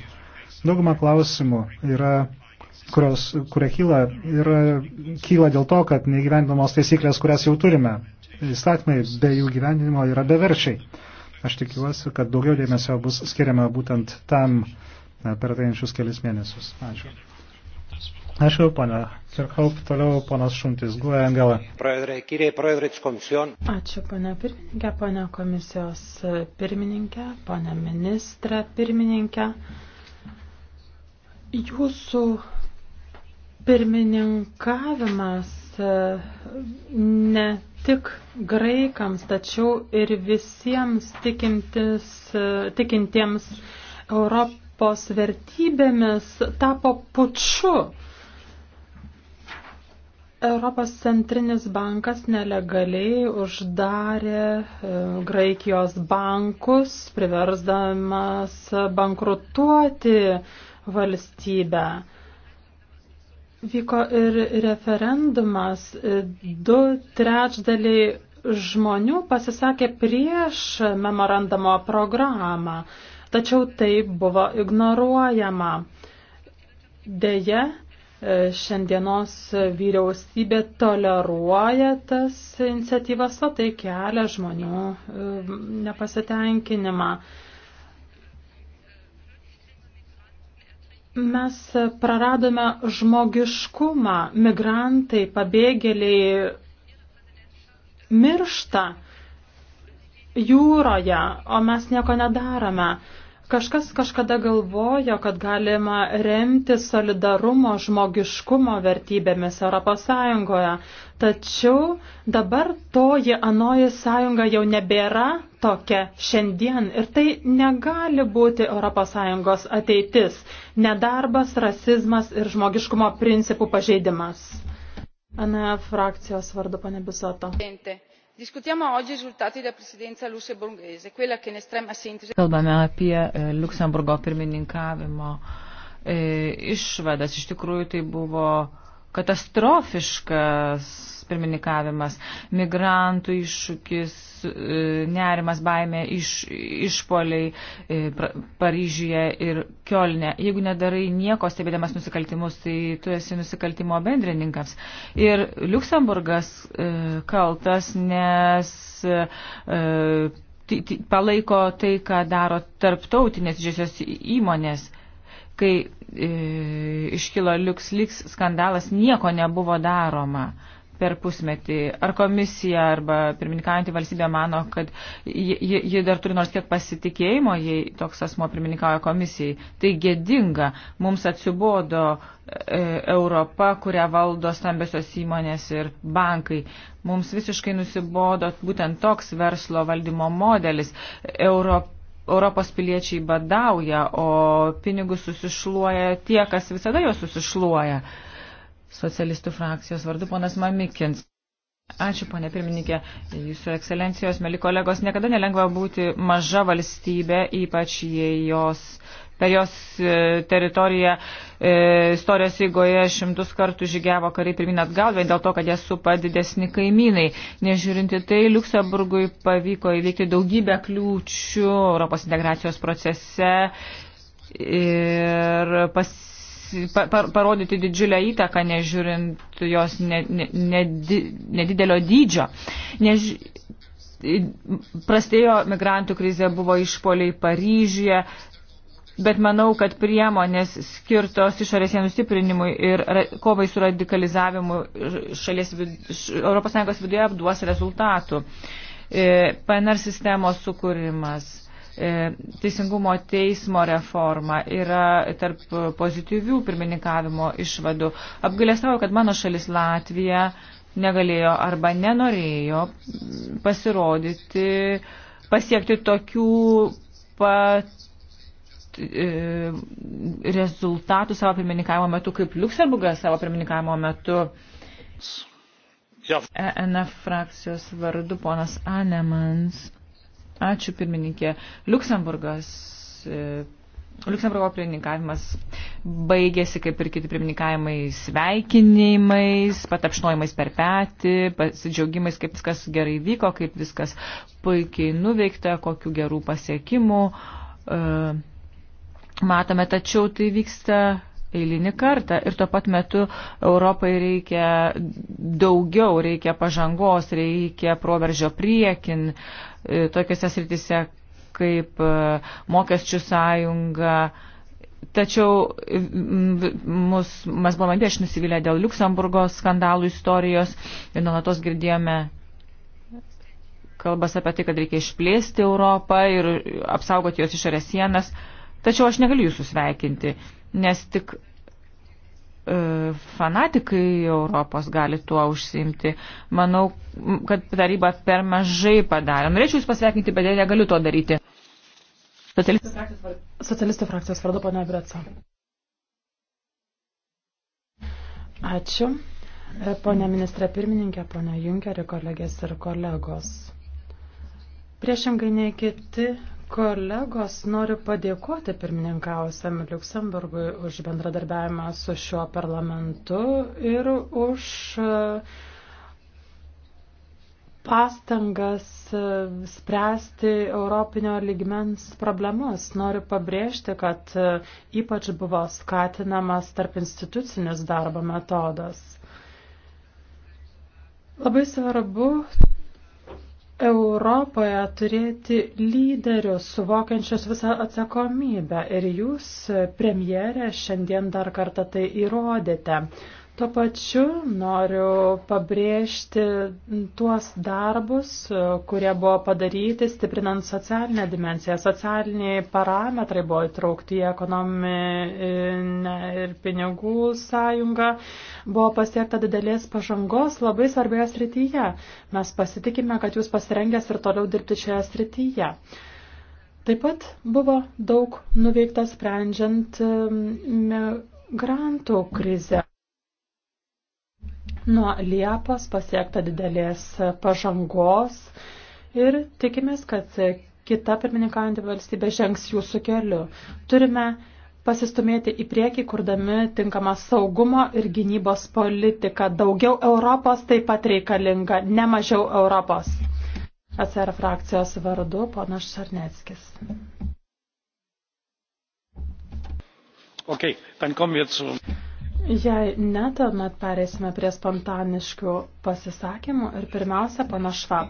Dauguma klausimų, yra, kurios, kurie kyla, yra, kyla dėl to, kad neįgyvendinamos taisyklės, kurias jau turime. Įstatymai be jų gyvendinimo yra beverčiai. Aš tikiuosi, kad daugiau dėmesio bus skiriama būtent tam per ateinančius kelias mėnesius. Ačiū. Ačiū, pana Cirkaup, toliau ponas Šuntis, Guoja Angela. Ačiū, pana pirmininkė, pana komisijos pirmininkė, pana ministrė pirmininkė. Jūsų pirmininkavimas e, ne tik graikams, tačiau ir visiems e, tikintiems Europos vertybėmis tapo puču. Europos centrinis bankas nelegaliai uždarė e, Graikijos bankus, priversdamas bankrutuoti valstybę. Vyko ir referendumas. Du trečdaliai žmonių pasisakė prieš memorandumo programą, tačiau tai buvo ignoruojama. Deja, šiandienos vyriausybė toleruoja tas iniciatyvas, o tai kelia žmonių e, nepasitenkinimą. Mes praradome žmogiškumą, migrantai, pabėgėliai miršta jūroje, o mes nieko nedarome. Kažkas kažkada galvojo, kad galima remti solidarumo, žmogiškumo vertybėmis Europos Sąjungoje, tačiau dabar toji anoji sąjunga jau nebėra tokia šiandien ir tai negali būti Europos Sąjungos ateitis - nedarbas, rasizmas ir žmogiškumo principų pažeidimas. ANF frakcijos vardu, pane Bisoto. Gente. Diskutiamo oggi i risultati della presidenza lussemburghese, quella che in estrema sintesi. Kalbame apie e, Luxemburgo pirmininkavimo e, išvadas. Iš tikrųjų tai buvo katastrofiškas pirmininkavimas, migrantų iššūkis, e, nerimas, baimė, iš, išpoliai e, Paryžiuje ir Kielne. Jeigu nedarai nieko stebėdamas nusikaltimus, tai tu esi nusikaltimo bendrininkams. Ir Luksemburgas e, kaltas, nes palaiko tai, ką daro tarptautinės didžiosios įmonės. Kai e, iškilo LuxLeaks skandalas, nieko nebuvo daroma per pusmetį. Ar komisija arba pirmininkaujantį valstybę mano, kad ji, ji dar turi nors kiek pasitikėjimo, jei toks asmo pirmininkauja komisijai. Tai gėdinga. Mums atsibodo e, Europa, kurią valdo stambiosios įmonės ir bankai. Mums visiškai nusibodo būtent toks verslo valdymo modelis. Europa Europos piliečiai badauja, o pinigus susišluoja tie, kas visada juos susišluoja. Uh, socialistų frakcijos vardu ponas Mamikins. Ačiū, ponė pirmininkė. Jūsų ekscelencijos, mėly kolegos, niekada nelengva būti maža valstybė, ypač jei jos per jos e, teritoriją e, istorijos įgoje šimtus kartų žygiavo kariai pirmin atgal, vien dėl to, kad jie supa didesni kaimynai. Nežiūrinti tai, Luksemburgui pavyko įveikti daugybę kliūčių Europos integracijos procese ir pasiekti pa, pa, parodyti didžiulę įtaką, nežiūrint jos ne, ne, ne, nedidelio dydžio. Než, prastėjo migrantų krizė, buvo išpoliai Paryžiuje, bet manau, kad priemonės skirtos išorės sienų stiprinimui ir kovai su radikalizavimu šalies, ES viduje apduos rezultatų. E, PNR sistemos sukūrimas E, Teisingumo teismo reforma yra tarp pozityvių pirmininkavimo išvadų. Apgalėstau, kad mano šalis Latvija negalėjo arba nenorėjo pasirodyti, pasiekti tokių pat e, rezultatų savo pirmininkavimo metu, kaip Luksemburgas savo pirmininkavimo metu. ENF frakcijos vardu ponas Anemans. Ačiū pirmininkė. Luksemburgas. E, Liuksemburgo pirmininkavimas baigėsi, kaip ir kiti pirmininkavimai, sveikinimais, patapšnojimais per petį, pasidžiaugimais, kaip viskas gerai vyko, kaip viskas puikiai nuveikta, kokiu gerų pasiekimų. Uh, e, matome, tačiau tai vyksta eilinį kartą. Ir tuo pat metu Europai reikia daugiau, reikia pažangos, reikia proveržio priekin e, tokiuose sritise kaip e, mokesčių sąjunga. Tačiau e, mus, mes buvome prieš nusivylę dėl Luxemburgo skandalų istorijos ir nuolatos girdėjome kalbas apie tai, kad reikia išplėsti Europą ir apsaugoti jos išorės sienas. Tačiau aš negaliu jūsų sveikinti nes tik e, fanatikai Europos gali tuo užsimti. Manau, kad taryba per mažai padarė. Norėčiau Jūs pasveikinti, bet negaliu to daryti. Socialistų frakcijos, var... Socialistų frakcijos vardu, pana Breca. Ačiū. E, pone ministrė pirmininkė, pone Junkerį, kolegės ir kolegos. Priešingai nei kiti Kolegos, noriu padėkoti pirmininkausiam Luksemburgui už bendradarbiavimą su šiuo parlamentu ir už e, pastangas e, spręsti europinio lygmens problemas. Noriu pabrėžti, kad e, ypač buvo skatinamas tarp institucinis darbo metodas. Labai svarbu Europoje turėti lyderius, suvokiančius visą atsakomybę. Ir jūs, premjerė, šiandien dar kartą tai įrodėte. Tuo pačiu noriu pabrėžti tuos darbus, kurie buvo padaryti, stiprinant socialinę dimenciją. Socialiniai parametrai buvo įtraukti į ekonominę ir pinigų sąjungą. Buvo pasiekta didelės pažangos labai svarbioje srityje. Mes pasitikime, kad jūs pasirengęs ir toliau dirbti šioje srityje. Taip pat buvo daug nuveikta sprendžiant migrantų krizę. Nuo Liepos pasiekta didelės pažangos ir tikimės, kad kita pirmininkaujanti valstybė žengs jūsų keliu. Turime pasistumėti į priekį, kurdami tinkamą saugumo ir gynybos politiką. Daugiau Europos taip pat reikalinga, ne mažiau Europos. ACR frakcijos vardu ponas Šarneckis. Okay, dann kommen wir zu Jei ne, tuomet pereisime prie spontaniškių pasisakymų ir pirmiausia, pana Švab.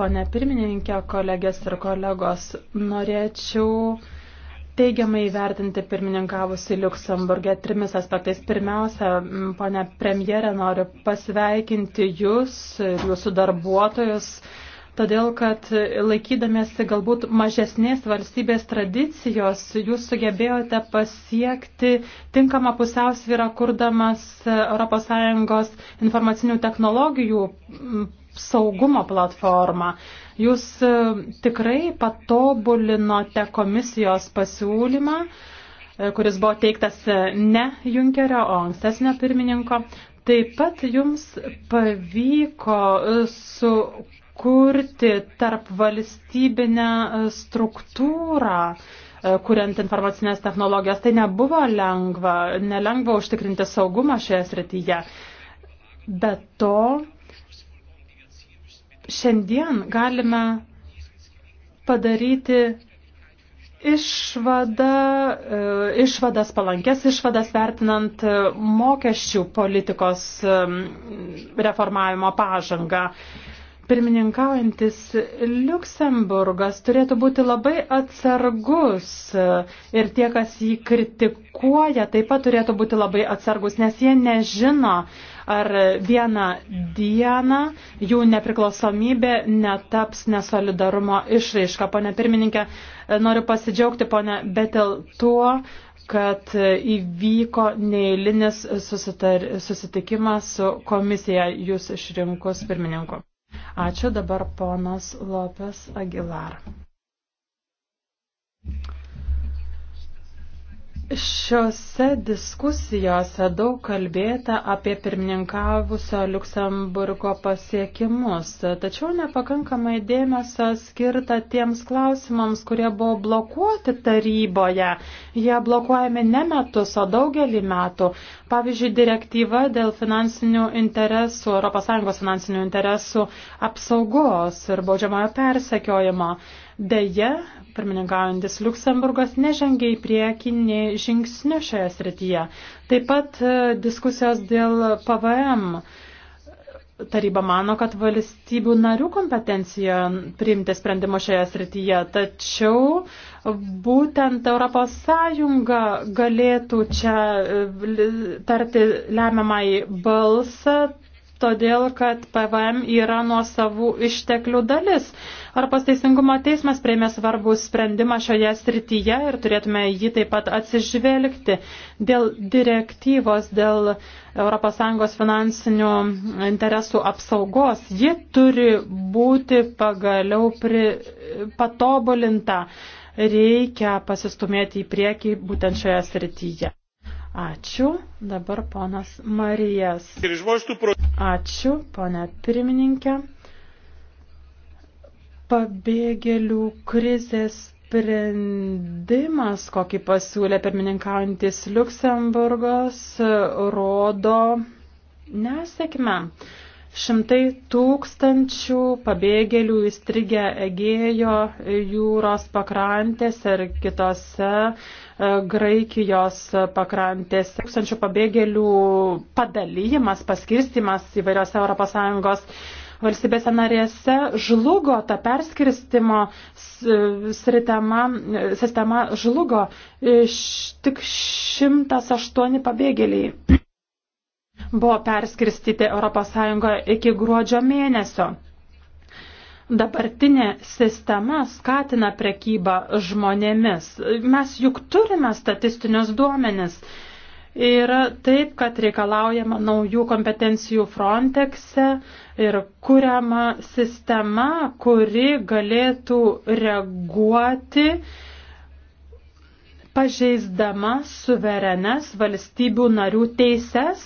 Pone pirmininkė, kolegės ir kolegos, norėčiau teigiamai vertinti pirmininkavusi Luksemburgė trimis aspektais. Pirmiausia, pane premjerė, noriu pasveikinti jūs ir jūsų darbuotojus todėl kad laikydamėsi galbūt mažesnės valstybės tradicijos, jūs sugebėjote pasiekti tinkamą pusiausvyrą, kurdamas ES informacinių technologijų saugumo platformą. Jūs e, tikrai patobulinote komisijos pasiūlymą, e, kuris buvo teiktas e, ne Junkerio, o ankstesnio pirmininko. Taip pat jums pavyko su kurti tarp valstybinę e, struktūrą, e, kuriant informacinės technologijas. Tai nebuvo lengva, nelengva užtikrinti saugumą šioje srityje. Be to, šiandien galime padaryti išvada, e, išvadas palankės, išvadas vertinant mokesčių politikos reformavimo pažangą pirmininkaujantis Luksemburgas turėtų būti labai atsargus e, ir tie, kas jį kritikuoja, taip pat turėtų būti labai atsargus, nes jie nežino, ar vieną dieną jų nepriklausomybė netaps nesolidarumo išraiška. Pone pirmininkė, e, noriu pasidžiaugti, pone Betel, tuo, kad įvyko neįlinis susitar, susitikimas su komisija jūs išrinkus pirmininku. Ačiū dabar ponas Lopes Aguilar. Šiuose diskusijose daug kalbėta apie pirmininkavusio Luksemburgo pasiekimus, tačiau nepakankamai dėmesio skirta tiems klausimams, kurie buvo blokuoti taryboje. Jie blokuojami ne metus, o daugelį metų. Pavyzdžiui, direktyva dėl finansinių interesų, ES finansinių interesų apsaugos ir baudžiamojo persekiojimo. Deja, pirmininkaujantis Luksemburgas nežengia į priekinį žingsnių šioje srityje. Taip pat e, diskusijos dėl PVM. Taryba mano, kad valstybių narių kompetencija priimti sprendimo šioje srityje, tačiau būtent ES galėtų čia e, tarti lemiamai balsą todėl kad PVM yra nuo savų išteklių dalis. Europos Teisingumo teismas prieimė svarbų sprendimą šioje srityje ir turėtume jį taip pat atsižvelgti dėl direktyvos, dėl ES finansinių interesų apsaugos. Ji turi būti pagaliau pri, patobulinta. Reikia pasistumėti į priekį būtent šioje srityje. Ačiū. Dabar ponas Marijas. Ačiū, ponė pirmininkė. Pabėgėlių krizės sprendimas, kokį pasiūlė pirmininkaujantis Luksemburgas, rodo nesėkmę. Šimtai tūkstančių pabėgėlių įstrigę Egėjo jūros pakrantėse ir kitose e, Graikijos pakrantėse. Tūkstančių pabėgėlių padalyjimas, paskirstimas įvairiose ES valstybėse narėse žlugo, ta perskirstimo e, sritema, sistema žlugo. Iš tik 108 pabėgėliai buvo perskirstyti ES iki gruodžio mėnesio. Dabartinė sistema skatina prekybą žmonėmis. Mes juk turime statistinius duomenis. Yra taip, kad reikalaujama naujų kompetencijų Frontexe ir kuriama sistema, kuri galėtų reaguoti uh, pažeisdama suverenes valstybių narių teises,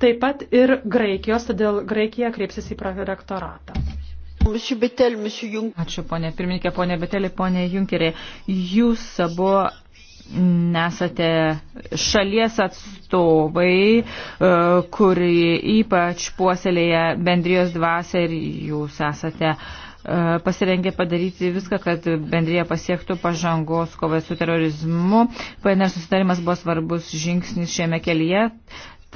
taip pat ir Graikijos, todėl Graikija kreipsis į prorektoratą. Ačiū, ponė pirmininkė, ponė Betelė, ponė Junkerė. Jūs abu nesate šalies atstovai, e, kuri ypač puoselėja bendrijos dvasę ir jūs esate uh, E, pasirengė padaryti viską, kad bendrėje pasiektų pažangos kovai su terorizmu. PNR susitarimas buvo svarbus žingsnis šiame kelyje.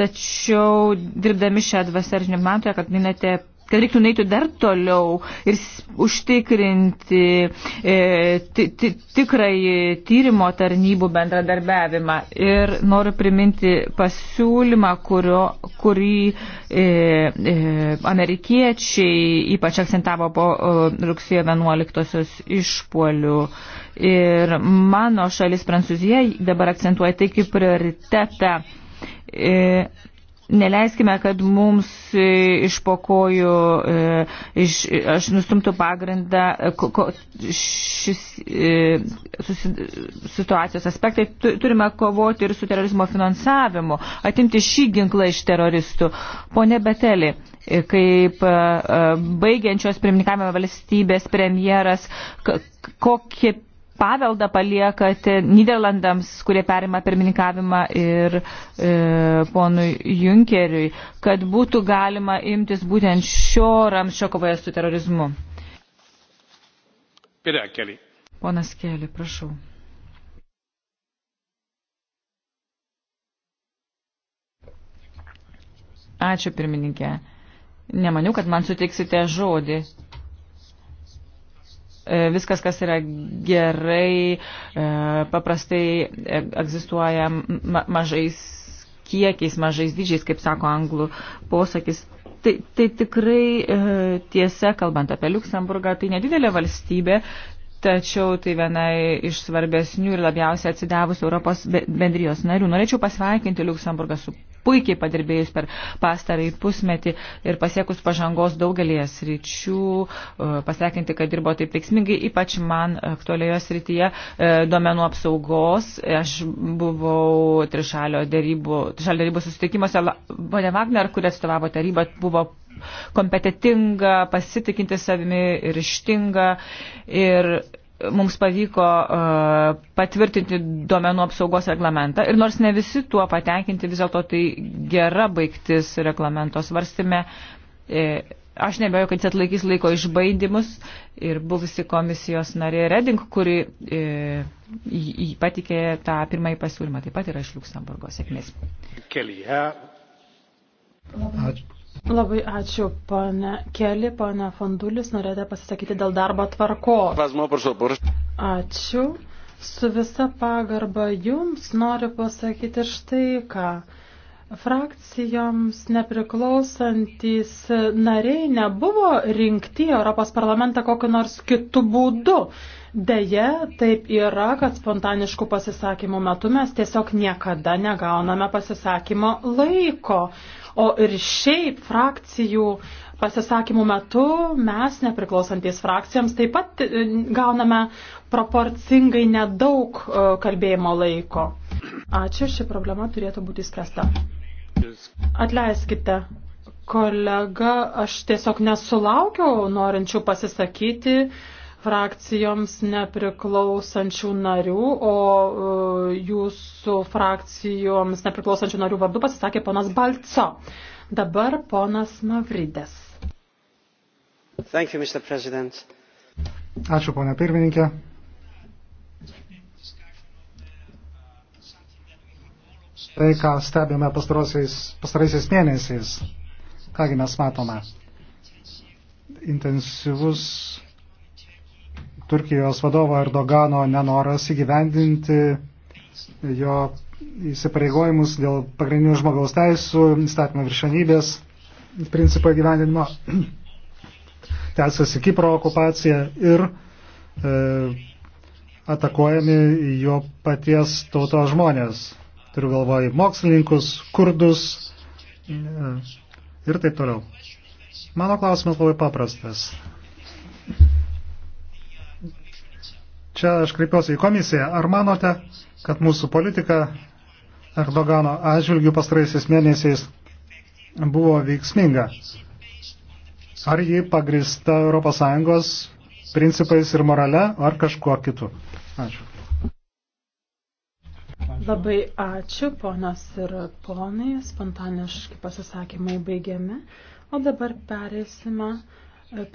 Tačiau dirbdami šią dvasę ir žinimatoje, kad minėte kad reiktų neiti dar toliau ir užtikrinti e, t, t, tikrąjį tyrimo tarnybų bendradarbiavimą. Ir noriu priminti pasiūlymą, kurio, kurį e, e, amerikiečiai ypač akcentavo po e, rugsėjo 11-osios išpolių. Ir mano šalis Prancūzija dabar akcentuoja tai kaip prioritetą. E, Neleiskime, kad mums e, iš pokojų, e, iš, aš nustumtų pagrindą e, ko, šis susi, situacijos aspektai. Turime kovoti ir su terorizmo finansavimu, atimti šį ginklą iš teroristų. Pone Beteli, kaip baigiančios pirmininkavimo valstybės premjeras, kokie paveldą paliekate Niderlandams, kurie perima pirmininkavimą ir e, ponui Junkeriui, kad būtų galima imtis būtent šio ramščio kovoje su terorizmu? Pėdė, keli. Ponas Keli, prašau. Ačiū pirmininkė. Nemaniau, kad man suteiksite žodį. E, viskas, kas yra gerai, e, paprastai e, egzistuoja mažais kiekiais, mažais dydžiais, kaip sako anglų posakis. Tai, tai tikrai tiesa, kalbant apie Luksemburgą, tai nedidelė valstybė, tačiau tai viena iš svarbesnių ir labiausiai atsidavusių Europos bendrijos narių. Norėčiau pasveikinti Luksemburgą su puikiai padirbėjus per pastarąjį pusmetį ir pasiekus pažangos daugelėje sričių, e, pasakinti, kad dirbo taip veiksmingai, ypač man aktualioje srityje e, duomenų apsaugos. Aš buvau trišalio darybų, trišalio darybų susitikimuose. Bonė Wagner, kuri atstovavo tarybą, buvo kompetitinga, pasitikinti savimi ir ištinga. Ir mums pavyko e, patvirtinti duomenų apsaugos reglamentą ir nors ne visi tuo patenkinti, vis dėlto tai gera baigtis reglamento svarstime. Aš nebejoju, kad jis atlaikys laiko išbaidimus ir buvusi komisijos narė Reding, kuri e, patikė tą pirmąjį pasiūlymą, taip pat yra iš Luksemburgo sėkmės. Kelyje. Ačiū. Labai ačiū, pana Keli, pana Fondulis, norėjote pasisakyti dėl darbo tvarkos. Ačiū. Su visa pagarba jums noriu pasakyti štai ką. Frakcijoms nepriklausantys nariai nebuvo rinkti Europos parlamentą kokiu nors kitu būdu. Deja, taip yra, kad spontaniškų pasisakymų metu mes tiesiog niekada negauname pasisakymo laiko. O ir šiaip frakcijų pasisakymų metu mes, nepriklausantis frakcijams, taip pat e, gauname proporcingai nedaug e, kalbėjimo laiko. Ačiū, ši problema turėtų būti spręsta. Atleiskite, kolega, aš tiesiog nesulaukiau norinčių pasisakyti frakcijoms nepriklausančių narių, o e, jūsų frakcijoms nepriklausančių narių vardu pasisakė ponas Balco. Dabar ponas Mavrides. Thank you, Mr. President. Ačiū, ponia pirmininkė. Tai, ką stebime pastaraisiais mėnesiais, kągi mes matome. Intensyvus Turkijos vadovo Erdogano nenoras įgyvendinti jo įsipareigojimus dėl pagrindinių žmogaus teisų, įstatymo viršenybės principo įgyvendinimo, tęsiasi Kipro okupacija ir e, atakuojami jo paties tautos žmonės. Turiu galvoj mokslininkus, kurdus e, ir taip toliau. Mano klausimas labai paprastas. Čia aš kreipiuosi į komisiją. Ar manote, kad mūsų politika Erdogano atžvilgių pastaraisiais mėnesiais buvo veiksminga? Ar ji pagrista ES principais ir morale, ar kažkuo kitu? Ačiū. Labai ačiū, ponas ir ponai. Spontaniški pasisakymai baigiami. O dabar perėsime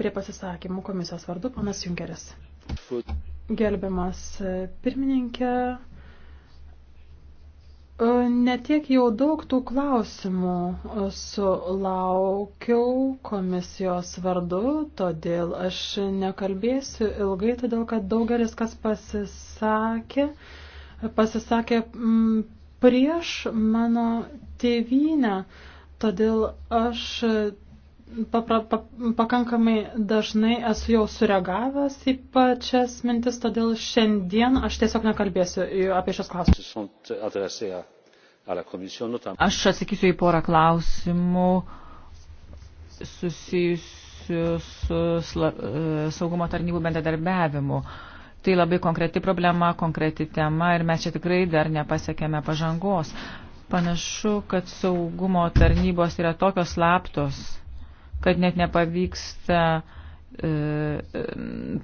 prie pasisakymų komisijos vardu, ponas Junkeris. Gerbiamas e, pirmininkė, e, netiek jau daug tų klausimų e, sulaukiau komisijos vardu, todėl aš nekalbėsiu ilgai, todėl kad daugelis kas pasisakė, pasisakė prieš mano tėvynę, todėl aš papra, pa, pakankamai dažnai esu jau sureagavęs į pačias mintis, todėl šiandien aš tiesiog nekalbėsiu apie šios klausimus. Aš atsakysiu į porą klausimų susijusių su sla, e, saugumo tarnybų bendradarbiavimu. Tai labai konkreti problema, konkreti tema ir mes čia tikrai dar nepasiekėme pažangos. Panašu, kad saugumo tarnybos yra tokios slaptos kad net nepavyksta e, e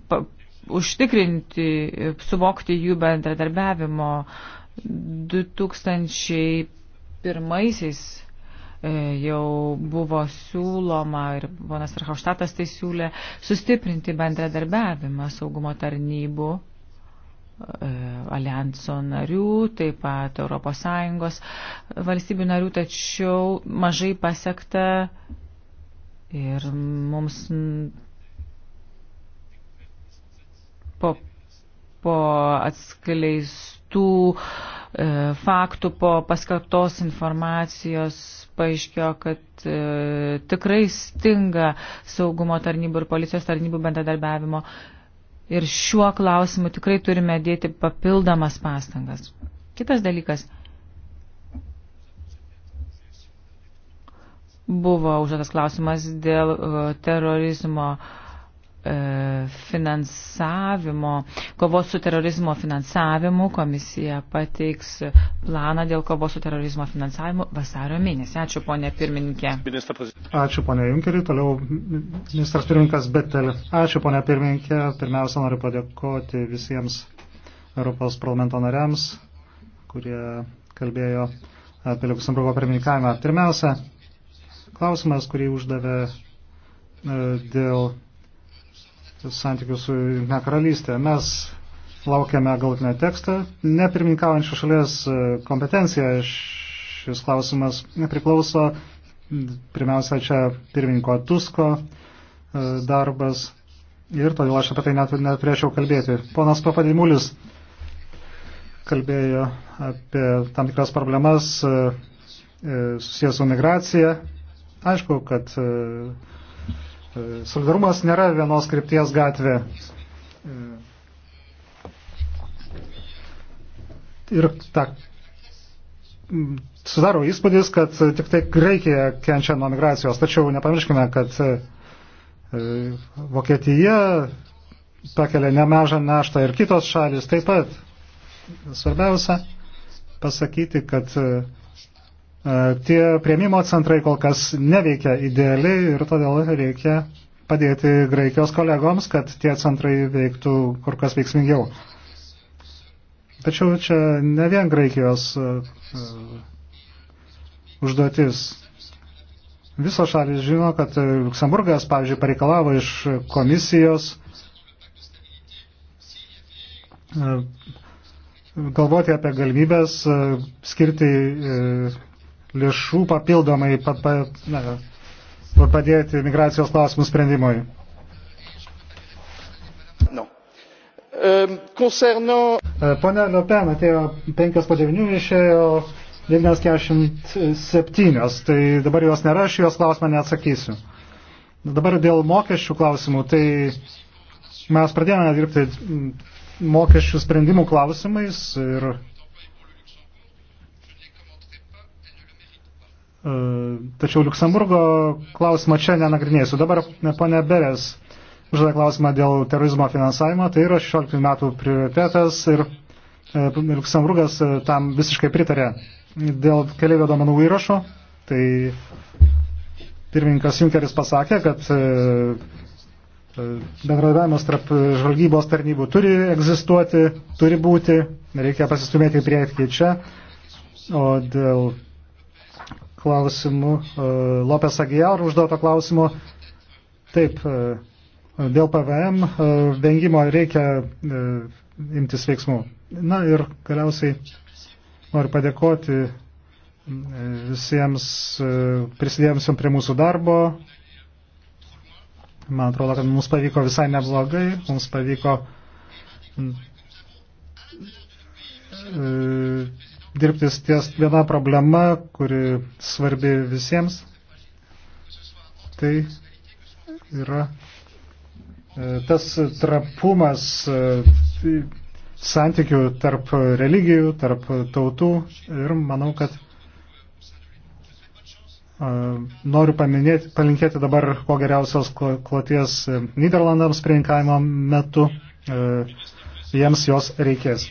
pa, užtikrinti, e, suvokti jų bendradarbiavimo. 2001-aisiais e, jau buvo siūloma ir ponas Arhauštatas tai siūlė sustiprinti bendradarbiavimą saugumo tarnybų e, alianso narių, taip pat ES valstybių narių, tačiau mažai pasiekta Ir mums po, po atskleistų e, faktų, po paskatos informacijos paaiškėjo, kad e, tikrai stinga saugumo tarnybų ir policijos tarnybų bendradarbiavimo. Ir šiuo klausimu tikrai turime dėti papildomas pastangas. Kitas dalykas buvo užduotas klausimas dėl e, terorizmo e, finansavimo, kovos su terorizmo finansavimu. Komisija pateiks planą dėl kovos su terorizmo finansavimu vasario mėnesį. Ačiū, ponė pirmininkė. Ačiū, ponė Junkeri. Toliau ministras pirmininkas Betel. Ačiū, ponė pirmininkė. Pirmiausia, noriu padėkoti visiems Europos parlamento nariams, kurie kalbėjo apie Luxemburgo pirmininkavimą. Pirmiausia, Klausimas, kurį uždavė e, dėl santykių su Junktinė karalystė. Mes laukiame galtinę tekstą. Nepirminkaujančių šalies e, kompetencija šis klausimas priklauso pirmiausia čia pirmininko Tusko e, darbas ir todėl aš apie tai net, neturėčiau kalbėti. Ponas Papadimulis kalbėjo apie tam tikras problemas susijęs su migracija Aišku, kad e, e, solidarumas nėra vienos krypties gatvė. E, ir ta, sudaro įspūdis, kad tik tai Graikija kenčia nuo migracijos. Tačiau nepamirškime, kad Vokietija pakelia nemažą naštą ir kitos šalis taip pat. Svarbiausia pasakyti, kad Tie prieimimo centrai kol kas neveikia idealiai ir todėl reikia padėti Graikijos kolegoms, kad tie centrai veiktų kur kas veiksmingiau. Tačiau čia ne vien Graikijos e, e, užduotis. Visos šalis žino, kad Luksemburgas, pavyzdžiui, pareikalavo iš komisijos e, galvoti apie galimybės skirti lėšų papildomai pa, pa, na, padėti migracijos klausimų sprendimui. No. Um, concerno... E, pone Liopen atėjo 5 po 9, išėjo 947, tai dabar jos nėra, aš jos klausimą neatsakysiu. Dabar dėl mokesčių klausimų, tai mes pradėjome dirbti mokesčių sprendimų klausimais ir E, tačiau Luksemburgo klausimą čia nenagrinėsiu. Dabar e, ponė Beres uždavė klausimą dėl terorizmo finansavimo. Tai yra 16 metų prioritetas ir e, Luksemburgas tam visiškai pritarė. Dėl keliaivio domenų įrašo, tai pirmininkas Junkeris pasakė, kad bendradavimas tarp žvalgybos tarnybų turi egzistuoti, turi būti, reikia pasistumėti į priekį čia. O dėl klausimu, e, Lopes Agijar užduoto klausimu. Taip, e, dėl PVM e, vengimo reikia imtis veiksmų. Na ir galiausiai noriu padėkoti visiems prisidėjusiam prie mūsų darbo. Man atrodo, kad mums pavyko visai neblogai, mums pavyko dirbti ties viena problema, kuri svarbi visiems. Tai yra e, tas trapumas e, santykių tarp religijų, tarp tautų ir manau, kad e, noriu paminėti, palinkėti dabar kuo geriausios kloties Niderlandams prieinkavimo metu, jiems jos reikės.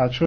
Ačiū.